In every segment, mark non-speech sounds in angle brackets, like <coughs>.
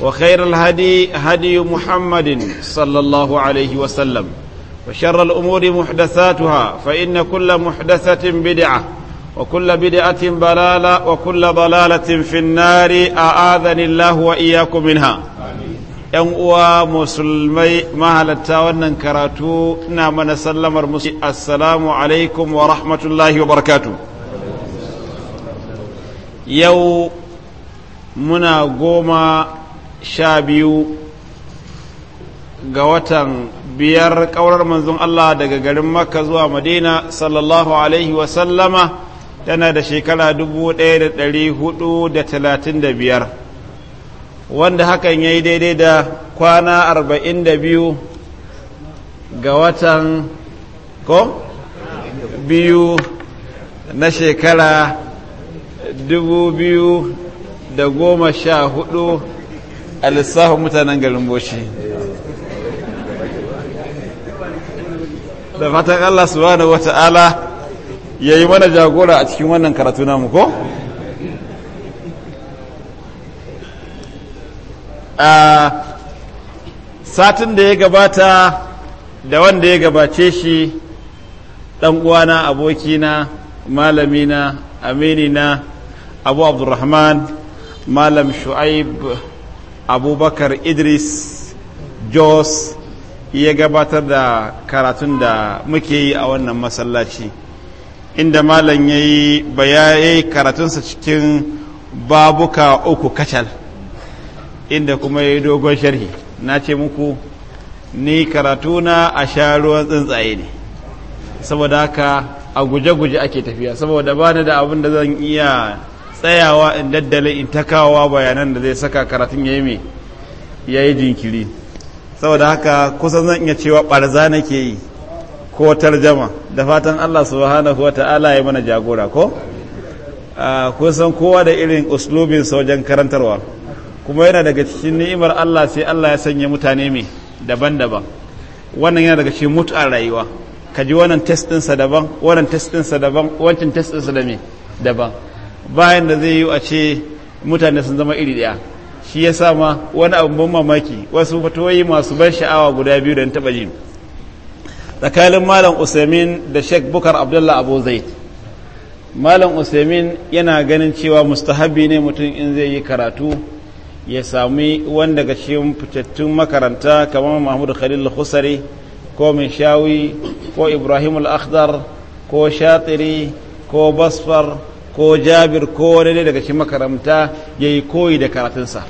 وخير الهدي هدي محمد صلى الله عليه وسلم وشر الأمور محدثاتها فإن كل محدثة بدعة وكل بدعة ضلالة وكل ضلالة في النار أعاذني الله وإياكم منها ‘Yan uwa musulmai mahalatta wannan karatu ina mana sallamar musu assalamu alaikum wa rahmatullahi wa barakatu. Yau muna goma sha biyu ga watan biyar ƙaurar manzon Allah daga garin Makka zuwa Madina sallallahu Alaihi wasallama tana da shekara ɗaya da hudu biyar wanda hakan ya yi daidai da kwana arba'in da biyu ga watan ko? biyu na shekara dubu biyu da goma sha hudu a lissafin mutanen garin boshi da fatan allah subhanahu wa Wata'ala ya yi mana jagora a cikin wannan karatu namu ko? a satin da ya gabata da wanda ya gabace shi uwana abokina malamina aminina abu abdurrahman malam shu'aib abubakar idris jos ya gabatar da karatun da muke yi a wannan masallaci inda malam ya yi bayayi karatunsa cikin babuka uku kacal inda kuma ya yi dogon sharhi na ce muku ni karatuna a sha ruwan tsuntsaye ne saboda haka a guje-guje ake tafiya saboda ba da abin da zan iya tsayawa in daddale in takawa bayanan da zai saka karatun ya mai ya yayi jinkiri saboda haka kusan zan iya cewa barza ke yi ko tarjama da fatan Allah subhanahu ta'ala ya mana jagora ko kusan kowa da irin uslubin wajen karantarwa kuma yana daga cikin ni'imar Allah sai Allah ya sanya mutane mai daban-daban wannan yana daga cikin mutu'ar rayuwa kaji ji wannan test daban wannan test daban wancan test da mai daban bayan da zai yi a ce mutane sun zama iri ɗaya shi ya sama wani abin ban mamaki wasu fatoyi masu ban sha'awa guda biyu da taɓa yi. tsakanin malam usaimin da sheikh bukar abdullah abu zaid malam usaimin yana ganin cewa mustahabi ne mutum in zai yi karatu ya sami wanda daga cikin fitattun makaranta kamar mahmud khalil husari ko shawi ko ibrahim al-akhdar ko shatiri ko basfar ko jabir ko wani ne daga cikin makaranta ya yi koyi da karatunsa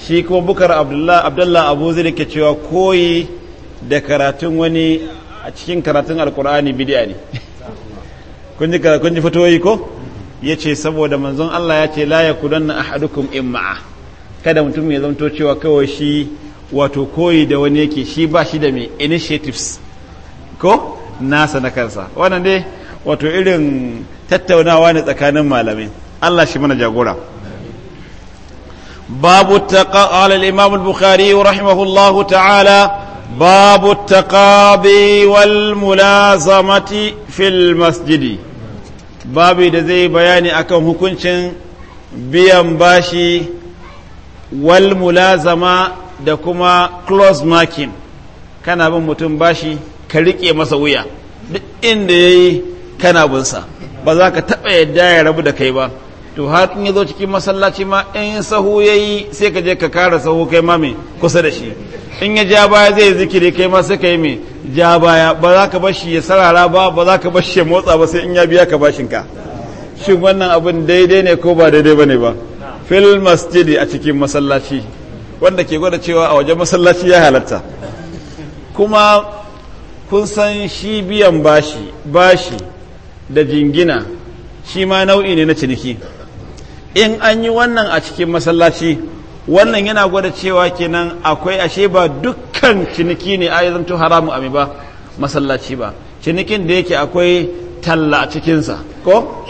shi kuma bukar abdullah abu zai ke cewa koyi da karatun wani a cikin karatun alkur'ani bidiya ne kun ji fatoyi ko ya ce saboda manzon allah ya ce la ya kudanna ahadukum in imma'a kada mutum ya zamto cewa kawai shi wato koyi da wani yake shi ba shi da mai initiatives ko nasa na kansa wannan dai wato irin tattaunawa ne tsakanin malamai Allah shi mana jagora babu taqa ala al-imam al-bukhari rahimahullahu ta'ala babu taqabi wal mulazamati fil masjidi babu da zai bayani akan hukuncin biyan bashi wal mulazama da kuma close marking kana bin mutum bashi ka riƙe masa wuya duk inda yayi kana binsa ba za ka taɓa yadda ya rabu da kai ba to har in ya zo cikin masallaci ma in sahu ya yi sai ka je ka kara sahu kai ma mai kusa da shi in ya ja baya zai zikiri kai ma sai ka yi mai ja baya ba za ka bashi ya sarara ba ba za ka bashi ya motsa ba sai in ya biya ka bashin ka. shin wannan abun daidai ne ko ba daidai ba ne ba fil masjidi a cikin masallaci wanda ke gwada cewa a wajen masallaci ya halatta kuma kun san shi biyan bashi bashi da jingina shi ma nau'i ne na ciniki in an yi wannan a cikin masallaci wannan yana gwada cewa kenan akwai ashe ba dukkan ciniki ne a zanto haramu ami ba masallaci ba cinikin da yake akwai talla a cikinsa ko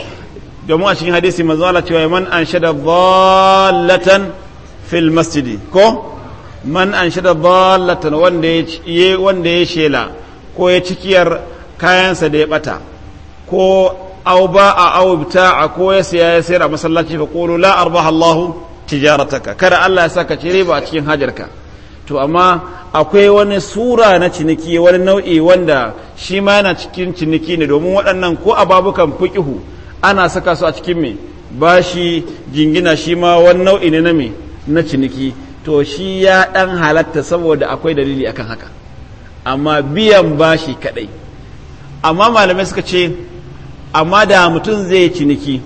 domin a cikin hadisi manzo Allah cewa man anshada dallatan fil masjidi ko man an dallatan wanda ya wanda ya shela ko ya cikiyar kayansa da ya bata ko aw ba a au a ko ya siya ya sayar a masallaci fa qulu la arbaha Allahu tijarataka kada Allah ya saka ci riba a cikin hajarka to amma akwai wani sura na ciniki wani nau'i wanda shi ma yana cikin ciniki ne domin waɗannan ko a babukan ana saka su a cikin me bashi jingina shi ma wani nau'i ne na me na ciniki to shi ya ɗan halatta saboda akwai dalili akan haka amma biyan bashi kaɗai amma malamai suka ce amma da mutum zai yi ciniki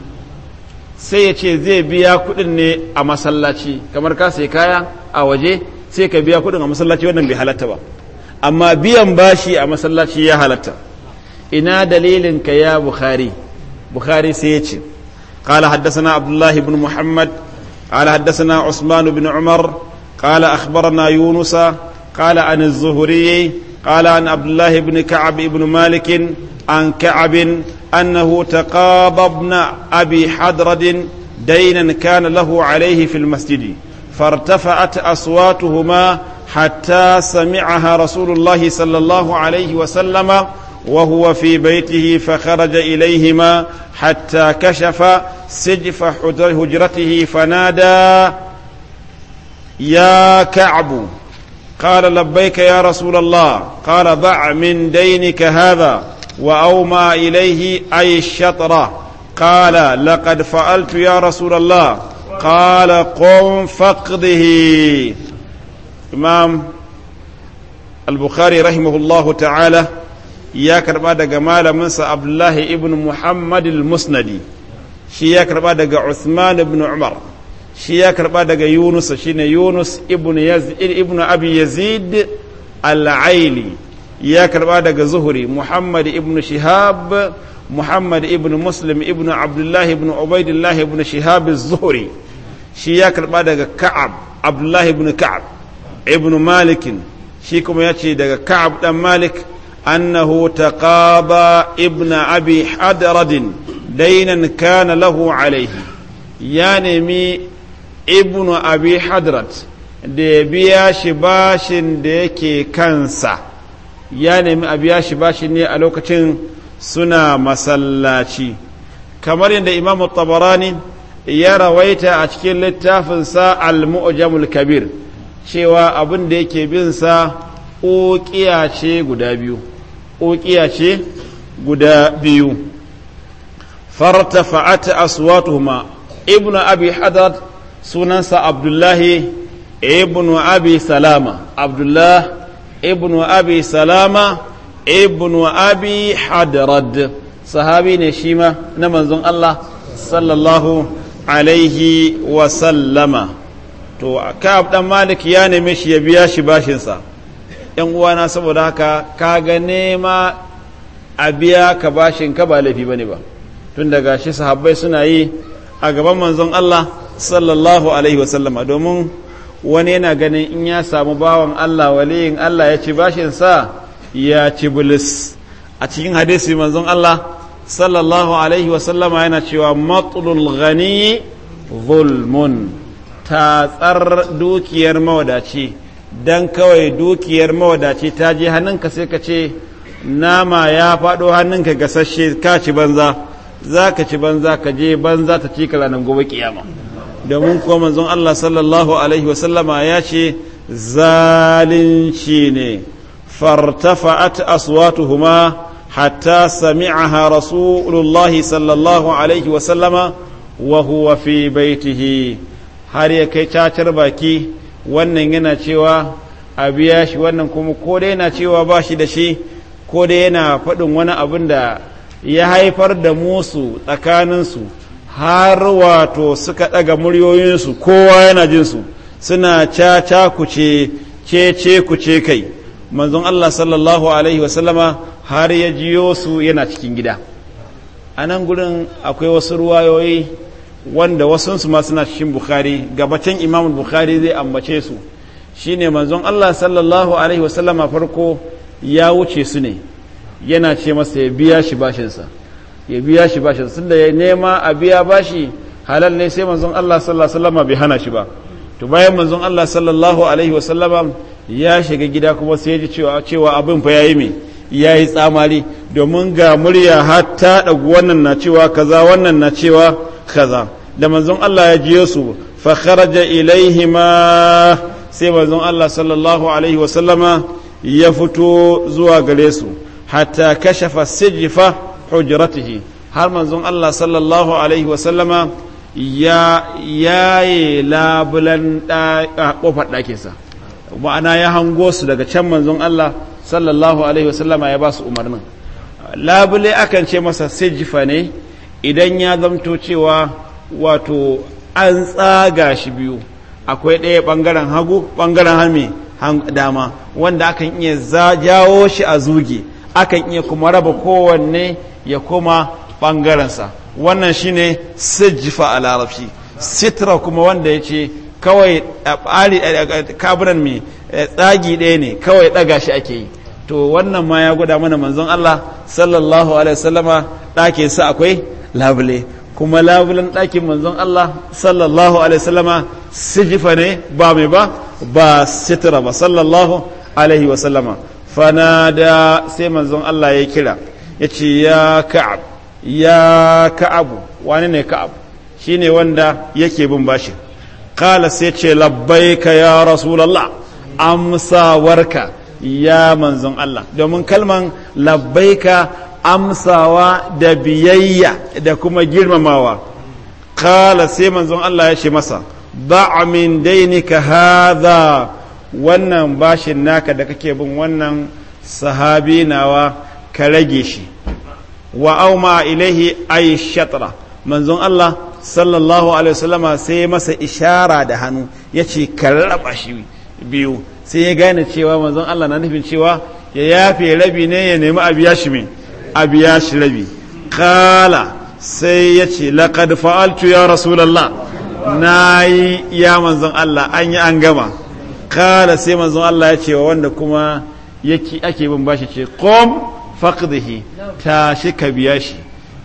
sai ya ce zai biya kuɗin ne a masallaci kamar ka sai kaya a waje sai ka biya kuɗin a masallaci wannan bai halatta ba amma biyan bashi a masallaci ya halatta ina dalilin ka ya bukhari bukhari sai ya ce قال حدثنا عبد الله بن محمد قال حدثنا عثمان بن عمر قال أخبرنا يونس قال عن الزهري قال عن عبد الله بن كعب بن مالك عن كعب أنه تقاضى ابن أبي حدرد دينا كان له عليه في المسجد فارتفعت أصواتهما حتى سمعها رسول الله صلى الله عليه وسلم وهو في بيته فخرج إليهما حتى كشف سجف هجرته فنادى يا كعب قال لبيك يا رسول الله قال ضع من دينك هذا وأومى إليه أي الشطر قال لقد فعلت يا رسول الله قال قم فقده إمام البخاري رحمه الله تعالى ya karba daga malaminsa abdullahi ibn muhammad al-musnadi shi ya karba daga usman ibn umar shi ya karba daga yunus shine yunus ibn yazid ibn al ya karba daga zuhuri muhammad ibn shihab muhammad ibn muslim ibn abdullah ibn ubaidullah ibn shihab zuhuri shi ya karba daga ka'ab abdullah ibn ka'ab ibn malikin shi kuma ya ce daga ka'ab dan malik taqaba ibn abi hadrad حدرد kana lahu alayhi ya nemi ibn abi hadrad da biya shi bashin da yake kansa ya nemi a biya shi bashi ne a lokacin suna masallaci kamar yadda imamu tabarani ya rawaita a cikin littafinsa al-mu'jamul kabir cewa abin da yake bin sa ƙoƙiya ce guda biyu ƙoƙiya ce guda biyu fartafa'at aswatuhuma ibnu abi hadad sunansa abdullahi ibnu abi salama ibnu abi salama ibnu abi hadrad sahabi ne shi ma na manzon Allah sallallahu alaihi wa sallama to ka'ab dan malik ya nemi shi ya biya shi bashinsa yan uwana saboda haka kaga nema a biya ka bashin ka ba laifi bane ba tun daga shi sahabbai suna yi a gaban manzon Allah sallallahu alaihi wa sallama domin wani yana ganin in ya samu bawan Allah waliyin Allah ya ci bashinsa ya ci bilis a cikin hadisi manzon Allah sallallahu alaihi wasallama yana cewa matulul gani zulmun tatsar dukiyar mawadaci don kawai dukiyar mawadaci ta je hannunka sai ka ce nama ya faɗo hannunka gasashe ka ci banza za ka ci banza ka je banza ta ci ka gobe kiyama domin kuwa manzon Allah sallallahu alaihi wasallama ya ce zalunci ne fartafa'at aswatuhuma hatta sami'aha rasulullahi sallallahu alaihi wasallama wa huwa fi baitihi har ya kai cacar baki wannan yana cewa a biya shi wannan kuma ko dai yana cewa ba shi da shi ko dai yana faɗin wani abin da ya haifar da musu tsakaninsu har wato suka ɗaga muryoyinsu kowa yana jinsu suna caca kuce cece kuce kai manzon Allah sallallahu alaihi wasallama har ya jiyo su yana cikin gida a nan gurin akwai wasu ruwayoyi wanda wasunsu ma suna cikin bukhari gabacin imam bukhari zai ambace su shine manzon Allah sallallahu alaihi wasallama farko ya wuce su ne yana ce masa ya biya shi bashinsa ya biya shi bashi sun da ya nema a biya bashi halal ne sai manzon Allah sallallahu alaihi wasallam bai hana shi ba to bayan manzon Allah sallallahu alaihi wasallam ya shiga gida kuma sai ji cewa cewa abin fa yayi me yayi tsamari domin ga murya har ta dagu wannan na cewa kaza wannan na cewa kaza da manzon Allah ya ji su fa kharaja ilaihima sai manzon Allah sallallahu alaihi wasallama ya fito zuwa gare su hatta kashafa sijfa hujratihi har manzon Allah sallallahu alaihi sallama ya yaye labulan kofar ɗakinsa ma'ana ya hango su daga can manzon Allah sallallahu alaihi sallama ya ba su umarnin labule akan ce masa sijifa ne idan ya zamto cewa wato an tsaga shi biyu akwai ɗaya ɓangaren hagu ɓangaren hami dama wanda akan iya jawo shi a zuge akan iya kuma raba kowanne ya koma ɓangarensa wannan shine sijjifa a larabci sitra kuma wanda ya ce kawai a kabinan mai eh, tsagi ɗaya ne kawai ɗaga shi ake yi to wannan ma ya guda mana manzon Allah sallallahu alaihi wasallama ɗakin sa akwai labule kuma labulen ɗakin manzon Allah sallallahu alaihi wasallama sijifa ne ba mai ba ba sitra ba sallallahu alaihi wasallama fanada sai manzon Allah ya kira ya ce ya ka'ab ya ka'abu wani ne ka'ab shi ne wanda yake bin bashi kala sai ce ka ya rasulallah amsawarka ya manzon Allah domin kalman labbaika amsawa da biyayya da kuma girmamawa kala sai manzon Allah ya ce masa da'a daini ka hadha wannan bashin naka da kake bin wannan sahabi nawa ka rage shi wa auma ilaihi ay shatra manzon Allah sallallahu alaihi wasallama sai masa ishara da hannu yace ka raba shi biyu sai ya gane cewa manzon Allah na nufin cewa ya yafe rabi ne ya nemi a biya shi a shi rabi kala sai ya ce laqad fa'altu ya rasulullah nayi ya manzon Allah an yi an gama kala sai manzon Allah ya ce wa wanda kuma yake ake bin bashi ce qom faqdihi tashi ka biya shi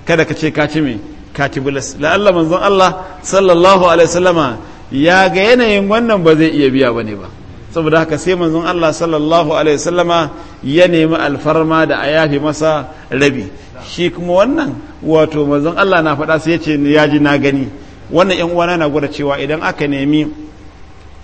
kada ka ce ka ci me ka bulas manzon Allah sallallahu alaihi wasallama ya ga yanayin wannan ba zai iya biya ne ba saboda haka sai manzon Allah sallallahu alaihi wasallama ya nemi alfarma da a yafi masa rabi shi kuma wannan wato manzon Allah na faɗa sai ya ce ya ji na gani wannan yan uwana na gwada cewa idan aka nemi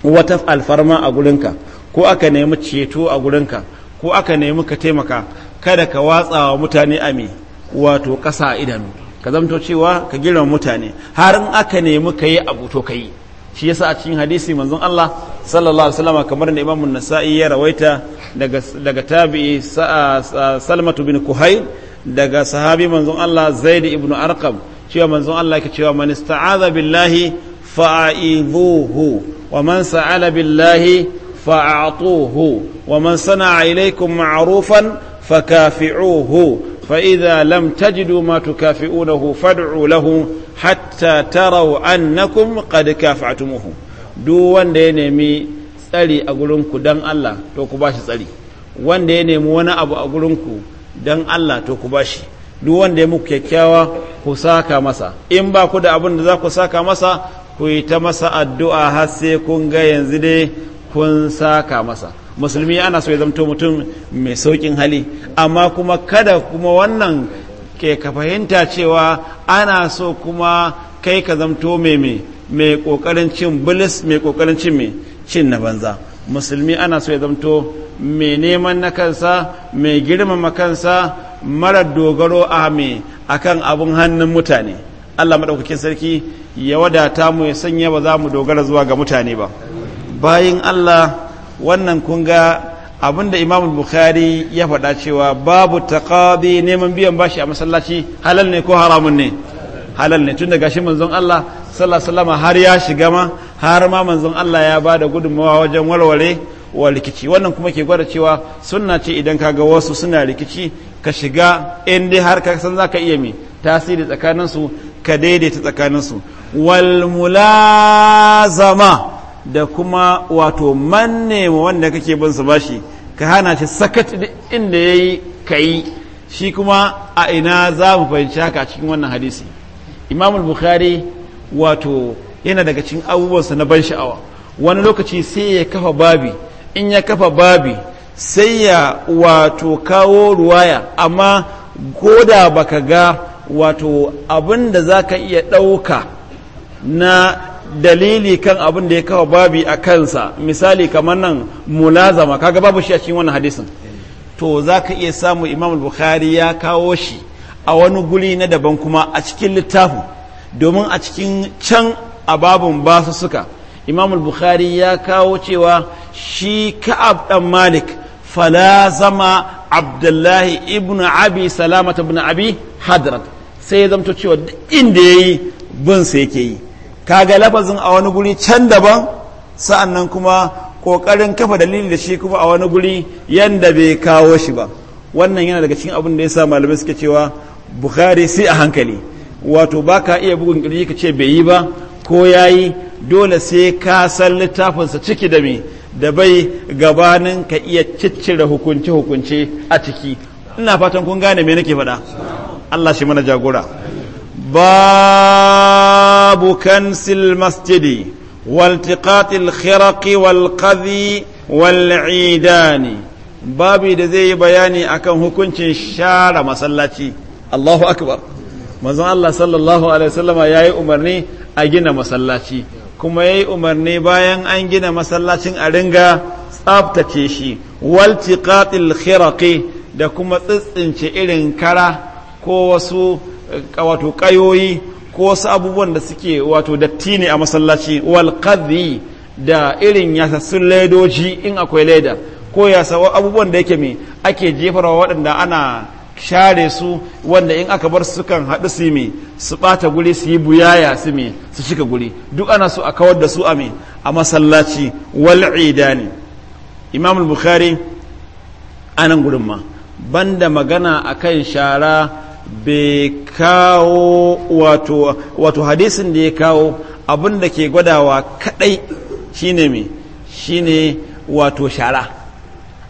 wata alfarma a gurinka ko aka nemi ceto a gurinka ko aka nemi ka taimaka kada ka watsa wa mutane ame wato ƙasa a idanu ka zamto cewa ka girma mutane har in aka nemi ka yi abu to ka yi shi yasa a cikin hadisi manzon Allah sallallahu alaihi wasallam kamar da Imam Nasa'i ya rawaita daga daga tabi'i Salmatu bin Kuhayl daga sahabi manzon Allah Zaid ibn Arqam cewa manzon Allah yake cewa man ista'aza billahi fa'idhuhu wa man sa'ala billahi fa'atuhu wa man sana'a ilaykum ma'rufan فكافئوه فإذا لم تجدوا ما تكافئونه فادعوا له حتى تروا أنكم قد كافعتموه duk wanda ya nemi tsari a gurinku don Allah to ku bashi tsari wanda ya nemi wani abu a gurinku don Allah to ku bashi duk wanda ya muku kyakkyawa ku saka masa in ba ku da abin da za ku saka masa ku yi ta masa addu'a har sai kun ga yanzu dai kun saka masa musulmi ana so ya zamto mutum mai saukin hali amma kuma kada kuma wannan ke ka fahimta cewa ana so kuma kai ka zamto mai mai kokarin cin bilis mai kokarin cin mai cin na banza musulmi ana so ya zamto mai neman na kansa mai girmama kansa marar dogaro a mai akan abun hannun mutane Allah maɗaukakin sarki ya wadata mu ya sanya ba za mu dogara zuwa ga mutane ba bayin Allah wannan kun ga abinda imam bukhari ya faɗa cewa babu taqadi neman biyan bashi a masallaci halal ne ko haramun ne halal ne tunda gashi manzon Allah sallallahu alaihi har ya shiga ma har ma manzon Allah ya bada gudunmawa wajen warware wa rikici wannan kuma ke gwada cewa sunna ce idan ka ga wasu suna rikici ka shiga in dai har ka san zaka iya mi tasiri tsakaninsu ka daidaita tsakaninsu wal mulazama da kuma wato manne wanda kake bin su bashi ka hana shi sakat inda ka yi shi kuma a ina za mu fahimci haka cikin wannan hadisi imam bukhari wato yana daga cikin abubuwansa na ban sha'awa wani lokaci sai ya kafa babi in ya kafa babi sai ya wato kawo ruwaya amma goda baka ga wato abin da za ka iya ɗauka na dalili kan abin da ya kawo babi a kansa misali kamar nan mulazama kaga babu shi a cikin wannan hadisin to za ka iya samu imam bukhari ya kawo shi a wani guri na daban kuma a cikin littafi domin a cikin can a babin basu suka imam bukhari ya kawo cewa shi ka'ab dan malik falazama abdullahi ibn abi salamata ibn abi hadrat sai ya zamto cewa inda ya yi bin sa yake yi ka kaga lafazin a wani guri can daban sa'annan kuma kokarin kafa dalili da shi kuma a wani guri yanda bai kawo shi ba wannan yana daga cikin abin da yasa malamai suke cewa bukhari sai a hankali wato baka iya bugun kirji ka ce bai yi ba ko yayi dole sai ka san littafinsa ciki da me da bai gabanin ka iya ciccire hukunce hukunce a ciki ina fatan kun gane me nake faɗa Allah shi mana jagora باب كنس المسجد والتقاط الخرق والقذي والعيدان babu da zai yi bayani akan hukuncin share masallaci Allahu akbar manzon Allah sallallahu alaihi wasallama yayi umarni a gina masallaci kuma yayi umarni bayan an gina masallacin a ringa tsaftace shi waltiqatil khiraqi da kuma tsitsince irin kara ko wasu wato kayoyi ko wasu abubuwan da suke wato datti ne a masallaci wal da irin sun ledoji in akwai leda ko yasa abubuwan da yake mai ake jefarwa waɗanda ana share su wanda in aka bar su kan haɗu su mai su ɓata guri su yi buyaya su mai su cika guri duk ana so a kawar da su a mai a masallaci wal idani imam al-bukhari anan gurin ma banda magana akan shara bai kawo wato hadisin da ya kawo abin ke gwadawa kadai shine mai shine wato shara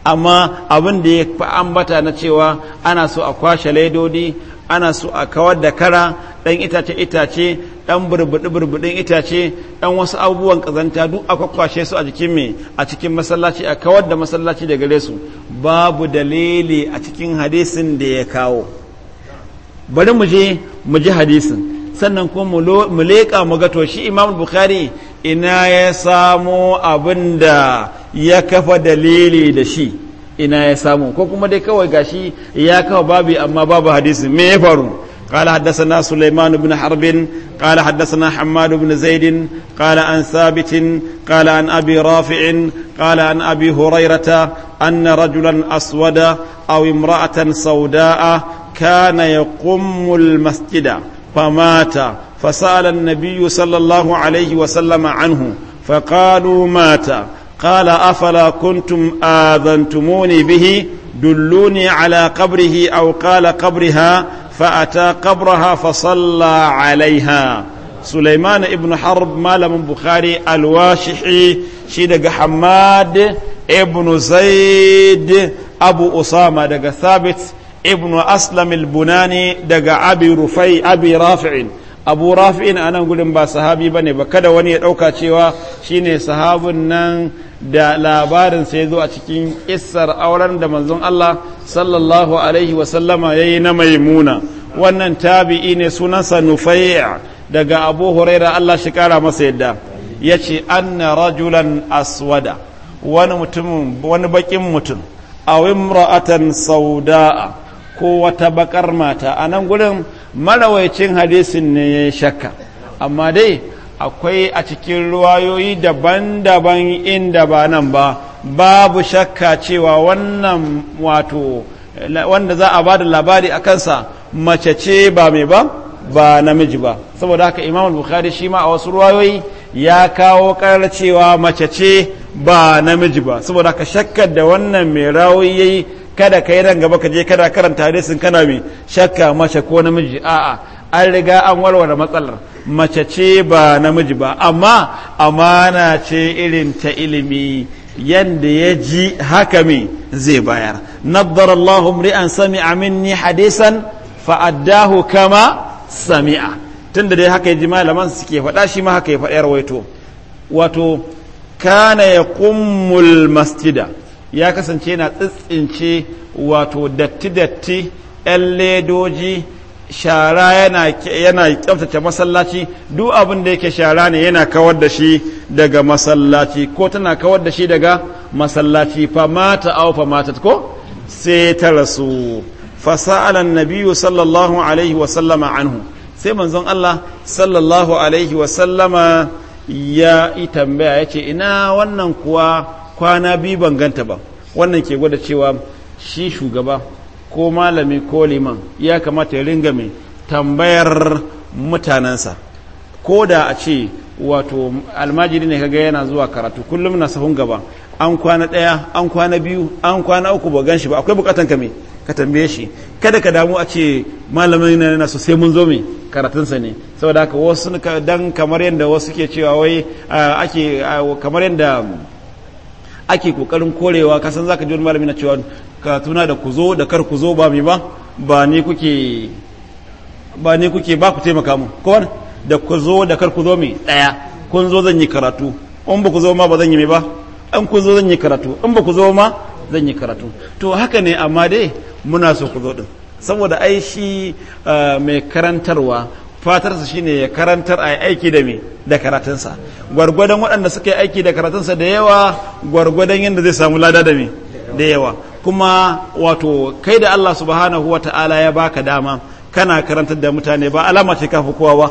amma abin da ya fi ambata na cewa ana so a kwashe laidodi ana so a kawar da kara ɗan itace-itace ɗan burbuɗi-burbuɗin itace ɗan wasu abubuwan ƙazanta duk a kwakwashe su a jikin mai a cikin masallaci a kawar da masallaci da gare babu dalili a cikin hadisin da ya kawo bari mu je mu ji hadisin sannan kuma mu leƙa mu ga to shi imam bukhari ina ya samu abin da ya kafa dalili da shi ina ya samu ko kuma dai kawai gashi ya kafa babu amma babu hadisi me ya faru قال حدثنا سليمان بن حرب قال حدثنا حماد بن زيد قال عن ثابت قال عن ابي رافع قال عن ابي هريره ان رجلا اسود او امراه سوداء كان يقم المسجد فمات فسأل النبي صلى الله عليه وسلم عنه فقالوا مات قال أفلا كنتم آذنتموني به دلوني على قبره أو قال قبرها فأتى قبرها فصلى عليها سليمان ابن حرب مالم بخاري الواشحي شيدق حماد ابن زيد أبو أسامة دق ثابت ibnu Aslamil bunani daga abi rufai abi rafi'in a nan gudun ba sahabi ba ne ba kada wani ya ɗauka cewa shine sahabin nan da labarin sai a cikin issar auren da manzon Allah sallallahu alaihi wasallama ya yi na maimuna wannan tabi'i ne sunansa nufai'a daga abu huraira Allah shi kara masa yadda ya ce anna rajulan aswada wani mutum wani bakin mutum a wimra'atan sauda'a ko wata bakar mata a nan gudun marawaicin hadisin ne ya shakka amma dai akwai a cikin ruwayoyi daban-daban inda ba nan ba babu shakka cewa wannan wato wanda za a ba da labari a kansa mace ce ba mai ba ba namiji ba saboda haka imam bukhari shi ma a wasu ruwayoyi ya kawo karar cewa mace ce ba namiji ba saboda haka shakkar da wannan mai rawayi yi. kada ka yi gaba ka je kada karanta hadisin kana mai shakka mace ko namiji a'a an riga an warware matsalar mace ce ba namiji ba amma amana ce irin ta ilimi yanda ya ji haka me zai bayar nadar Allahu ri'an sami'a minni hadisan fa'addahu kama sami'a tun tunda dai haka ji malaman suke faɗa shi ma haka ya faɗa yarwaito wato kana yaqumul masjida ya kasance yana tsintsince wato datti-datti 'yan ledoji shara yana tsaftace masallaci duk abin da yake shara ne yana kawar da shi daga masallaci ko tana kawar da shi daga masallaci famata au famata ko sai ta rasu fasa'alan nabiyu sallallahu alaihi wasallama anhu sai manzon Allah sallallahu alaihi wasallama ya yi tambaya ya ce ina wannan kuwa kwana biyu ban ganta ba wannan ke gwada cewa shi shugaba ko malami ko liman ya kamata ya ringa mai tambayar mutanensa ko da a ce wato almajiri ne kaga yana zuwa karatu kullum na sahun gaba an kwana ɗaya an kwana biyu an kwana uku ba gan shi ba akwai bukatan ka me ka tambaye shi kada ka damu a ce malamin na yana sai mun zo mai karatunsa ne saboda haka wasu dan kamar yadda wasu ke cewa wai ake kamar yadda ake kokarin korewa kasan zaka ji wani malami na cewa ka tuna da kuzo da kar kuzo ba mai ba ba ni kuke ba ni kuke ba ku taimaka mu ko da kuzo da kar kuzo mai daya kun zo zan yi karatu in ba ku zo ma ba zan yi mai ba in kun zo zan yi karatu in ba ku zo ma zan yi karatu to haka ne amma dai muna so ku zo din saboda ai shi eh, mai karantarwa fatarsa shine ya karantar a aiki da me da karatunsa gwargwadon waɗanda suka yi aiki da karatunsa da yawa gwargwadon yadda zai samu lada da me da yawa kuma wato kai da Allah subhanahu wa ta'ala ya baka dama kana karantar da mutane ba alama ce ka fi kowa ba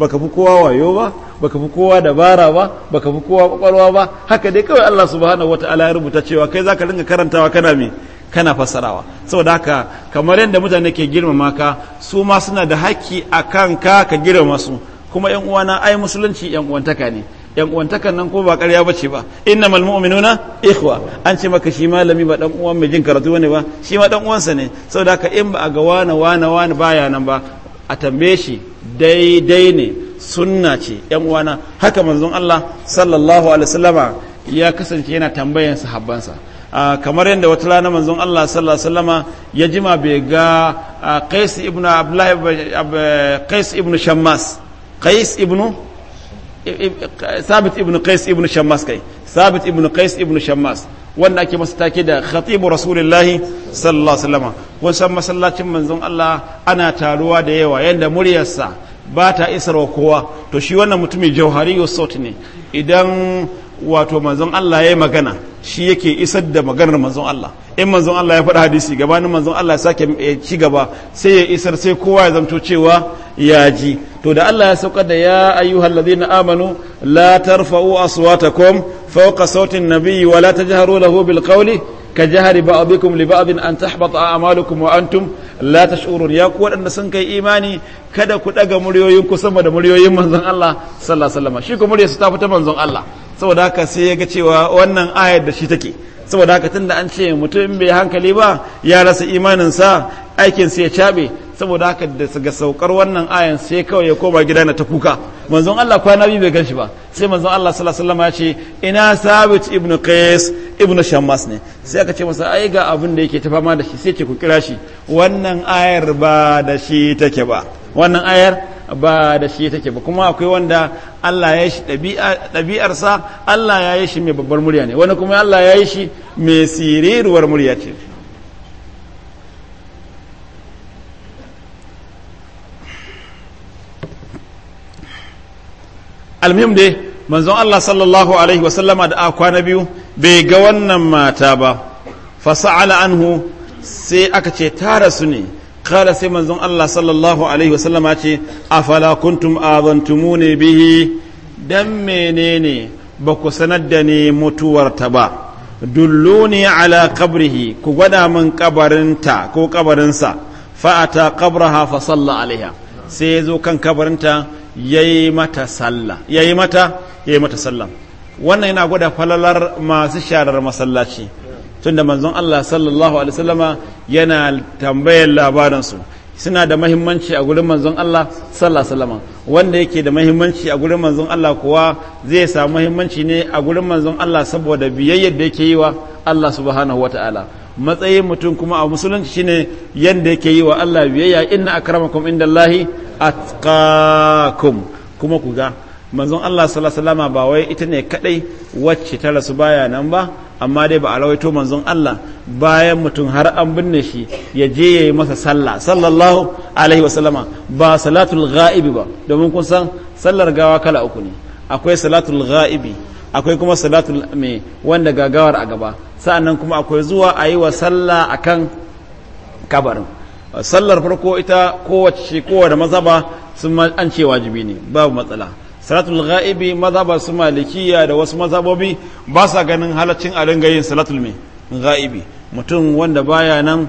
baka fi kowa wayo ba baka fi kowa dabara ba baka fi kowa kwakwalwa ba haka dai kawai Allah subhanahu wa ta'ala ya rubuta cewa kai zaka dinga karantawa kana me kana fassarawa saboda haka kamar yadda mutane ke girmama ka su ma suna da haƙƙi a kan ka ka girmama su kuma yan uwana ai musulunci yan uwantaka ne yan uwantakan nan ko ba ƙarya bace ba innamal mu'minuna ikhwa an ce maka shi malami ba dan uwan mai jin karatu ne ba shi ma dan uwansa ne saboda haka in ba a ga wani wani wani baya nan ba a tambaye shi daidai ne sunna ce yan uwana haka manzon Allah sallallahu alaihi wasallama ya kasance yana tambayan sahabbansa Ah, kamar yadda wata rana manzon Allah sallallahu alaihi wasallama ya jima bai ga ah, Qais ibn Abdullah Qais ibn Shammas Qais ibn Sabit ibn Qais ibn Shammas kai Sabit ibn Qais ibn Shammas wanda ake masa take da khatibu Rasulullah sallallahu alaihi wasallama wasan masallacin manzon Allah ana taruwa da yawa yanda muryarsa ba ta isarwa kowa to shi wannan mutumin jauhari yusuf ne idan wato manzon Allah ya yi magana shi yake isar da maganar manzon Allah in manzon Allah ya faɗa hadisi gabanin manzon Allah ya sake eh, ci gaba sai ya isar sai kowa ya zamto cewa ya ji to da Allah ya saukar da ya ayyuhal ladina amanu la tarfa'u aswatakum fawqa sautin nabiyyi wa la tajharu lahu bil qawli ka jahari ba'dikum li ba'din an tahbata a'malukum wa antum la tash'urun ya ku wadanda sun kai imani kada ku daga muryoyin ku sama da muryoyin manzon Allah sallallahu alaihi wasallam shi ta fita manzon Allah saboda haka sai ya ga cewa wannan ayar da shi take saboda haka tunda an ce mutum bai hankali ba ya rasa imaninsa sai ya cabe saboda haka da ga saukar wannan ayan sai kawai ya koma gida na ta kuka manzon Allah kwana biyu bai ganshi ba sai manzon Allah sallallahu alaihi wasallam ya ce ina sabit ibnu qais ibnu shammas ne sai aka ce masa ai ga abin da yake ta fama da shi sai ce ku kira shi wannan ayar ba da shi take ba wannan ayar ba da shi take ba kuma akwai wanda Allah ya shi ɗabi'arsa Allah ya yi shi mai babbar murya ne wani kuma Allah ya yi shi mai siriruwar murya ce almim dai manzon Allah sallallahu alaihi wasallama da a kwana biyu bai ga wannan mata ba fasa'ala anhu sai aka ce tara su ne kala sai manzon Allah sallallahu alaihi wasallama ce afala kuntum azantumuni bihi dan menene ba ku sanar da ni ta ba dulluni ala qabrihi ku gwada min kabarinta ko kabarinsa fa'ata qabraha fa salla alaiha sai zo kan kabarinta yayi mata salla yayi mata yayi mata sallah wannan yana gwada falalar masu sharar masallaci tunda manzon Allah sallallahu alaihi wasallama yana tambayar labaransu suna da mahimmanci a gurin manzon Allah sallallahu alaihi wasallama wanda yake da mahimmanci a gurin manzon Allah kuwa zai samu mahimmanci ne a gurin manzon Allah saboda biyayyar da yake yi wa Allah subhanahu wataala matsayin mutum kuma a musulunci shine yadda yake yi wa Allah biyayya inna akramakum indallahi atqakum kuma ku ga manzon Allah sallallahu ba wai ita ne kadai wacce ta rasu baya nan ba amma dai ba a rawaito manzon Allah bayan mutum har an binne shi ya je ya yi masa sallah sallallahu alaihi wasallam ba salatul ghaibi ba domin kun san sallar gawa kala uku ne akwai salatul ghaibi akwai kuma salatul me wanda gagawar a gaba sa'annan kuma akwai zuwa a yi wa sallah akan kabarin sallar farko ita kowace kowa da mazaba sun an ce wajibi ne babu matsala salatul ga'ibi mazhabar su malikiya da wasu mazhabobi ba sa ganin halaccin a ringa yin salatul mai ga'ibi mutum wanda baya nan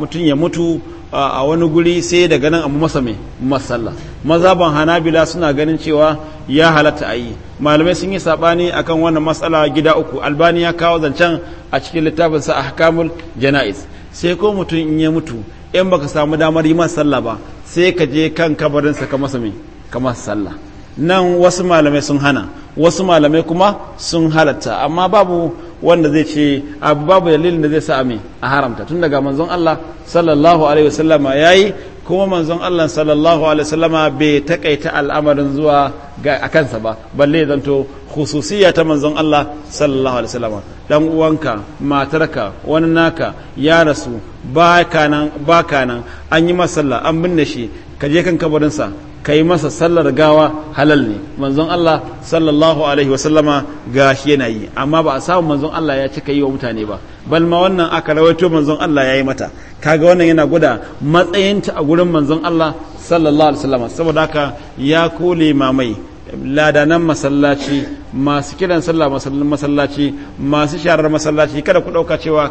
mutum ya mutu a wani guri sai daga nan abu masa mai masalla mazhaban hanabila suna ganin cewa ya halatta a yi malamai sun yi saɓani akan wannan matsala gida uku albani ya kawo zancen a cikin littafinsa a hakamul jana'iz sai ko mutum in ya mutu in baka samu damar yi masa sallah ba sai ka je kan kabarinsa ka masa mai ka sallah nan wasu malamai sun hana wasu malamai kuma sun halatta amma babu wanda zai ce abu babu dalilin da zai sa ame a haramta tun daga manzon Allah sallallahu alaihi wasallama yayi kuma manzon Allah sallallahu alaihi wasallama bai takaita al'amarin zuwa ga a kansa ba balle zanto khususiyya ta manzon Allah sallallahu alaihi wasallama dan uwanka matarka wani naka ya rasu ba kanan ba kanan an yi masalla an binne shi ka je kan kabarinsa ka yi masa sallar gawa halal ne manzon Allah sallallahu alaihi wasallama gashi yana yi amma ba a samu manzon Allah ya cika yi wa mutane ba Balma wannan aka rawaito manzon Allah ya yi mata kaga wannan yana guda matsayinta a gurin manzon Allah sallallahu alaihi wasallama saboda haka ya kule mamai ladanan masallaci masu kiran sallah masallaci masu sharar masallaci kada ku ɗauka cewa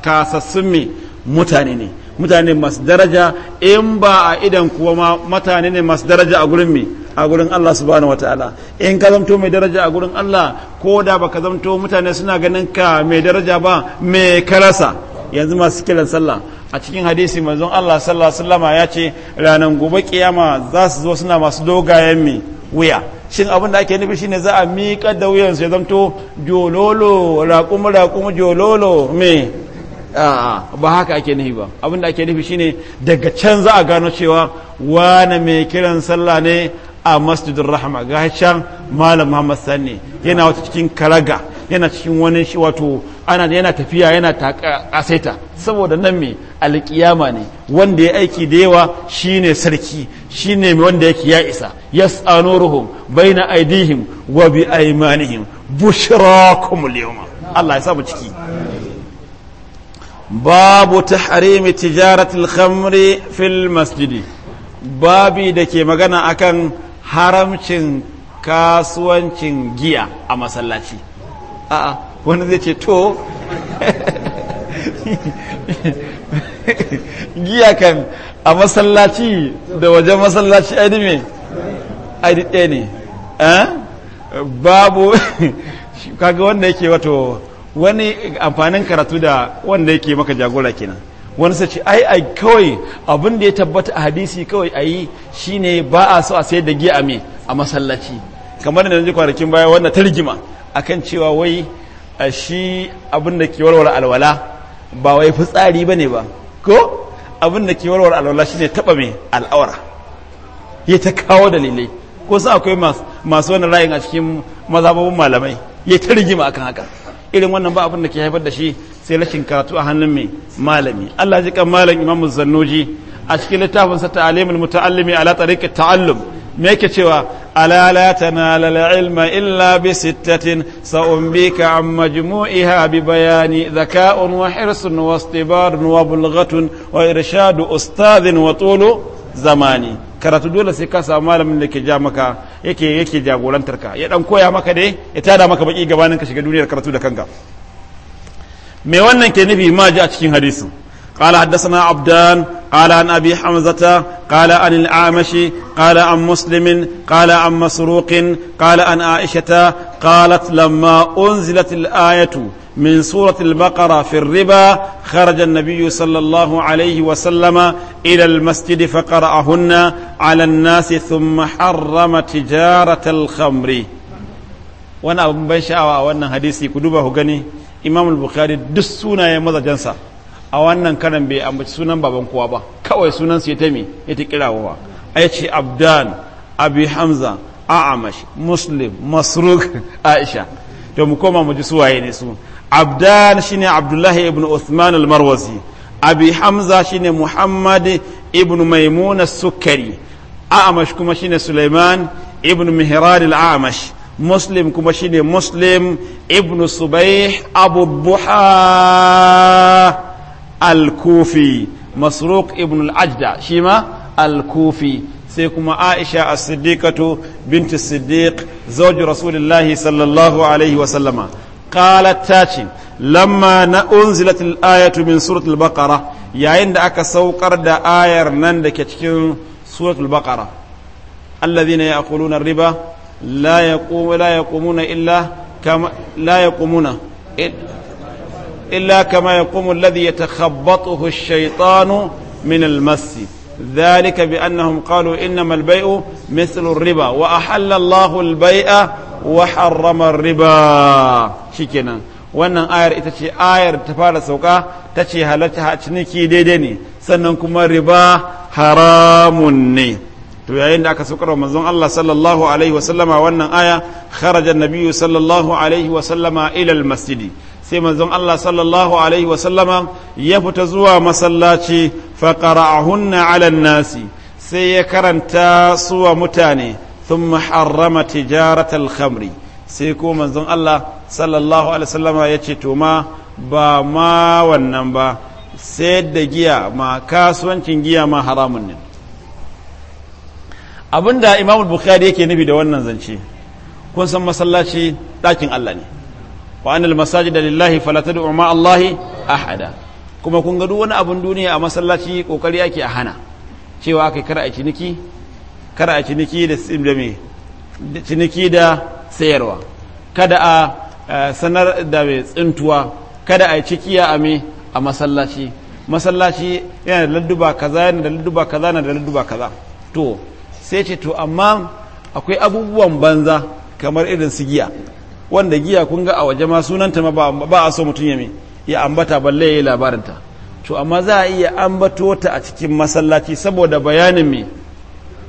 kasassun mutane ne mutane masu daraja in ba a idan kuwa ma mutane ne masu daraja a gurin me a gurin Allah subhanahu wataala in ka zamto mai daraja a gurin Allah ko da baka zamto mutane suna ganin ka mai daraja ba mai karasa yanzu masu kiran sallah a cikin hadisi manzon Allah sallallahu alaihi wasallama ya ce ranar gobe kiyama za su zo suna masu dogayen mi wuya shin abin da ake nufi shine za a miƙa da wuyansu ya zamto jololo raƙumi raƙumi jololo me ba haka ake nufi ba abinda ake nufi shine daga can za a gano cewa wane mai kiran sallah ne a masjidin rahama ga can malam muhammad sanni yana wata cikin karaga yana cikin wani shi wato ana yana tafiya yana kasaita saboda nan mai alƙiyama ne wanda ya aiki da yawa shine sarki shine mai wanda yake ya isa yas'anuruhum baina aidihim wa bi aymanihim bushrakum al Allah ya samu ciki babu tahrimi tijaratul khamri fil masjidi babi da ke magana akan haramcin kasuwancin giya a masallaci a'a wani zai ce to giya kan a masallaci da wajen masallaci aidi me aidi ɗaya ne babu kaga wanda yake wato wani amfanin karatu da wanda yake maka jagora kenan wani sai ce ai ai kawai abin da ya tabbata a hadisi kawai ayi shine ba a so a sayar da giya a a masallaci kamar da ji kwanakin baya wannan tarjima akan cewa wai a shi abin da ke warware alwala ba wai fitsari bane ba ko abin da ke warware alwala shine taba me al'aura ya ta kawo dalilai ko sa akwai masu wani ra'ayin a cikin mazhabobin malamai ya tarjima akan haka irin wannan ba abin da ke haifar da shi sai rashin karatu a hannun mai malami Allah ji kan malam Imam Zannoji a cikin littafin sa ta'alimul muta'allimi ala tariqat ta'allum me yake cewa ala la tanala ilma illa bi sittatin sa'umbika an majmu'iha bi bayani zaka'un wa hirsun wa istibarun wa bulghatun wa irshadu ustadhin wa tulu zamani karatu dole sai ka samu malamin da ke ja maka yake yake jagorantar ka ya dan koya maka ne ya tada maka baki gabanin ka shiga duniyar karatu da kanka me wannan ke nufi ma ji a cikin hadisin قال حدثنا عبدان قال عن أبي حمزة قال عن الأعمش قال عن مسلم قال عن مسروق قال عن عائشة قالت لما أنزلت الآية من سورة البقرة في الربا خرج النبي صلى الله عليه وسلم إلى المسجد فقرأهن على الناس ثم حرم تجارة الخمر وانا أبن بيشاء وانا حديثي كدوبة غني إمام البخاري دسونا يا مذا جنسا a wannan karan bai ambaci sunan baban kowa ba kawai sunan su ta taimi ya ta kirawa a ya ce abdan abi hamza a'amash muslim masruk <laughs> aisha to mu koma mu ji ne su abdan shine abdullahi ibn uthman al-marwazi abi hamza shine muhammad ibn maimuna sukari a'amash kuma shine suleiman ibn mihrad al-a'amash muslim kuma shine muslim ibn subayh abu al-kufi masruq ajda shi ma al sai kuma aisha as-siddiqatu bint as-siddiq zawj rasulullahi sallallahu alaihi wa sallama qalat lamma na unzilat al-ayatu min suratul baqara yayin da aka saukar da ayar nan da ke cikin suratul baqara alladhina ya'kuluna ar-riba la yaqumuna illa kama la yaqumuna إلا كما يقوم الذي يتخبطه الشيطان من المس ذلك بأنهم قالوا إنما البيع مثل الربا وأحل الله البيع وحرم الربا شكنا wannan ayar ita ce ayar ta fara sauka ta ce a ciniki daidai ne sannan kuma riba haramun ne to yayin da aka saukar manzon Allah sallallahu alaihi wasallama wannan aya kharaja an-nabiyyu sallallahu alaihi wasallama ila al-masjidi sai manzon Allah sallallahu alaihi wasallama ya fita zuwa masallaci faqara'ahunna 'ala nasi sai ya karanta suwa mutane sun harrama tijaratal khamri sai ko manzon Allah sallallahu alaihi wasallama ya ce to ma ba ma wannan ba sai da giya ma kasuwancin giya ma haramun ne abinda imamul bukhari yake nufi da wannan zance kun san masallaci ɗakin Allah ne wa annal masajid lillahi fala tad'u ma allahi ahada kuma kun ga duk wani abun duniya a masallaci kokari yake a hana cewa akai kar a ciniki kar a ciniki da da me ciniki da sayarwa kada a eh, sanar da mai tsintuwa kada a cikiya a me a masallaci masallaci yana da ladduba kaza yana da ladduba kaza yana da ladduba kaza to sai ce to amma akwai abubuwan banza kamar irin su giya wanda giya kun ga a waje ma sunanta ma ba a so mutum ya ya ambata balle ya yi labarinta to amma za a iya ambato ta a cikin masallaci saboda bayanin me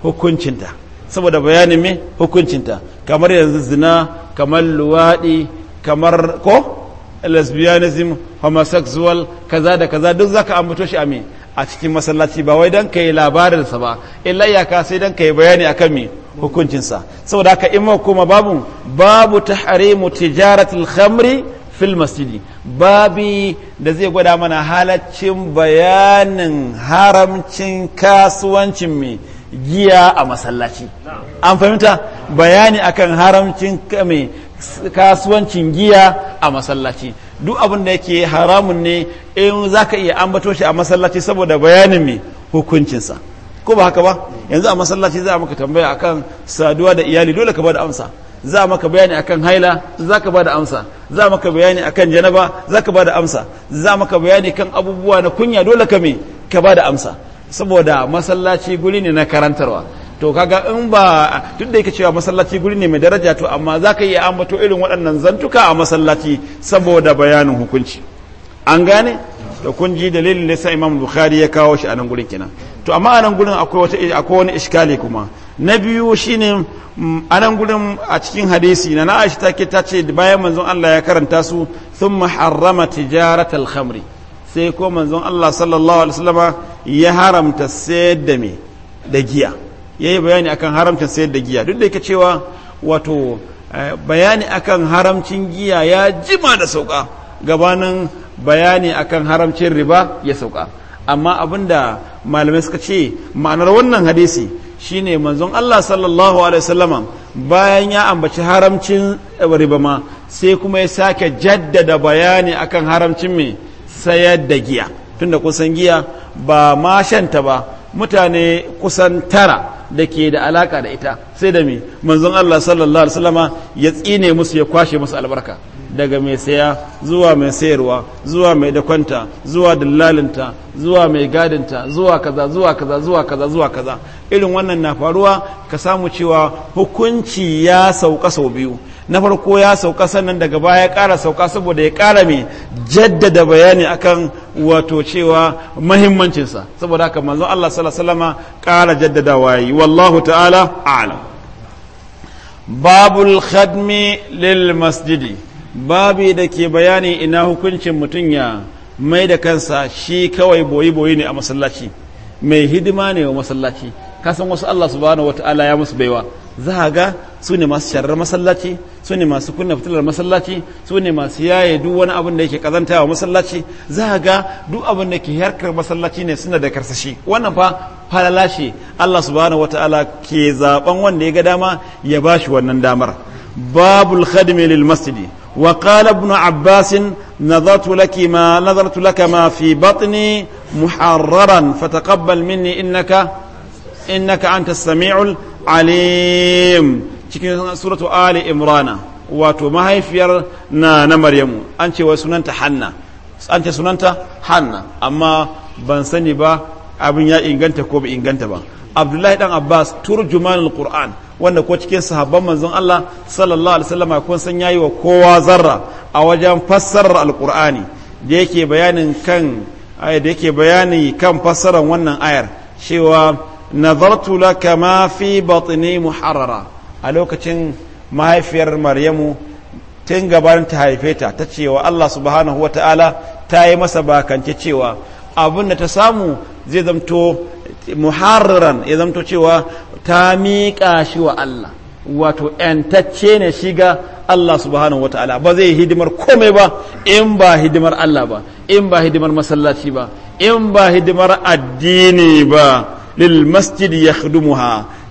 hukuncinta saboda bayanin me hukuncinta kamar yanzu zina kamar luwaɗi kamar ko lesbianism homosexual kaza da kaza duk zaka ambato shi a me a cikin masallaci ba wai dan ka yi labarinsa ba illa iyaka sai dan ka yi bayani akan me hukuncinsa saboda haka in kuma babu babu ta tahrimu tijaratul khamri fil masjidi babi da zai gwada mana halaccin bayanin haramcin kasuwancin mai giya a masallaci an fahimta bayani akan haramcin mai kasuwancin giya a masallaci duk abin da yake haramun ne in za ka iya ambato shi a masallaci saboda bayanin mai hukuncinsa ko ba haka ba yanzu a masallaci za a maka tambaya akan saduwa da iyali dole ka ba amsa za maka bayani akan haila za ka ba da amsa za maka bayani akan janaba za ka ba da amsa za maka bayani kan abubuwa na kunya dole ka me ka ba amsa saboda masallaci guri ne na karantarwa to kaga in ba duk da yake cewa masallaci guri ne mai daraja to amma za ka iya ambato irin waɗannan zantuka a masallaci saboda bayanin hukunci an gane da kun ji dalilin da sa imam bukhari ya kawo shi a nan gurin kenan to amma a nan gurin akwai wata akwai wani iskali kuma na biyu shine mm, a nan gurin a cikin hadisi na na'ashi ta ke ta ce bayan manzon Allah ya karanta su thumma harrama tijarat khamri sai ko manzon Allah sallallahu alaihi wasallama ya haramta sayar da me da giya yayi bayani akan haramta sayar da giya duk da yake cewa wato eh, bayani akan haramcin giya ya jima da sauka gabanin bayani akan haramcin riba ya sauka amma abinda malamai suka ce ma'anar wannan hadisi shine manzon Allah sallallahu alaihi wasallama bayan ya ambaci haramcin riba ma sai kuma ya sake jaddada bayani akan haramcin mai sayar da giya tunda kusan giya ba ma shanta ba mutane kusan tara da ke da alaka da ita sai da me manzon Allah sallallahu alaihi wasallama ya tsine musu ya kwashe musu albarka daga mai saya zuwa mai sayarwa zuwa mai dakwanta zuwa dillalinta zuwa mai gadinta zuwa kaza zuwa kaza zuwa kaza zuwa kaza irin wannan na faruwa ka samu cewa hukunci ya sauka sau biyu na farko ya sauka sannan daga baya ya ƙara sauka saboda ya ƙara mai jaddada bayani akan wato cewa mahimmancinsa saboda haka manzon Allah sallallahu alaihi wasallama ƙara jaddada yi wallahu ta'ala a'lam babul khadmi lil masjidi Babi da ke bayani ina hukuncin mutum ya mai da kansa shi kawai boyi-boyi ne a masallaci mai hidima ne wa masallaci kasan wasu Allah subhanahu ta'ala ya musu baiwa za a ga su ne masu sharar masallaci su ne masu kunna fitilar masallaci su ne masu yaye duk wani abin da yake kazanta wa masallaci za a ga duk abin da ke harkar masallaci ne suna da karsashi wannan fa falala shi Allah subhanahu ta'ala ke zaben wanda ya ga dama ya ba shi wannan damar babul khadimi lil masjidi وقال ابن عباس نظرت لك ما نظرت لك ما في بطني محررا فتقبل مني انك انك انت السميع العليم cikin suratu ali imrana wato mahaifiyar na na maryamu an ce sunanta hanna an ce sunanta hanna amma ban sani ba abin ya inganta ko bai inganta ba abdullahi dan abbas turjumanul qur'an wanda ko cikin sahabban manzon Allah sallallahu alaihi wasallam kun san yayi wa kowa zarra a wajen fassarar alqur'ani da yake bayanin kan da yake bayani kan fassarar wannan ayar cewa nazartu laka ma fi batni muharrara a lokacin mahaifiyar maryamu tin gabanin ta haife ta ta cewa Allah subhanahu ta'ala ta yi masa bakance cewa abin da ta samu zai zamto muharraran ya zamto cewa ta miƙa shi wa Allah wato ‘yantacce ne shi ga Allah subhanahu wata'ala ba zai hidimar komai ba in ba hidimar Allah ba in ba hidimar masallaci ba in ba hidimar addini ba lil masjid ya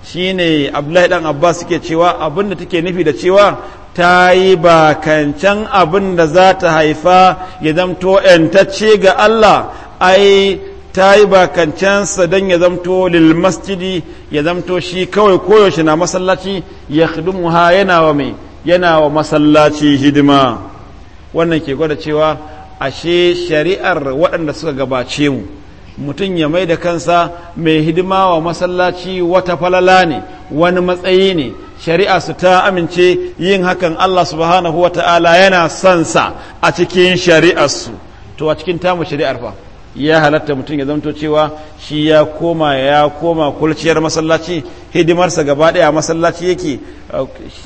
Shi ne Abdullahi ɗan Abbas suke cewa abin da take nufi da cewa ta yi bakancan abin da za ta haifa ya zamto ‘yantacce ga Allah ai ta yi bakancensa don ya zamto lil masjidi ya zamto shi kawai koyaushe na masallaci ya ha yana wa mai yana wa masallaci hidima wannan ke gwada cewa ashe shari'ar waɗanda suka gabace mu mutum ya mai da kansa mai hidima wa masallaci wata falala ne wani matsayi ne shari'a su ta amince yin hakan Allah subhanahu wa ta'ala yana son sa a cikin shari'arsu to a cikin tamu shari'ar fa ya halatta mutum ya zamto cewa shi ya koma ya koma kulciyar masallaci hidimarsa gaba daya masallaci yake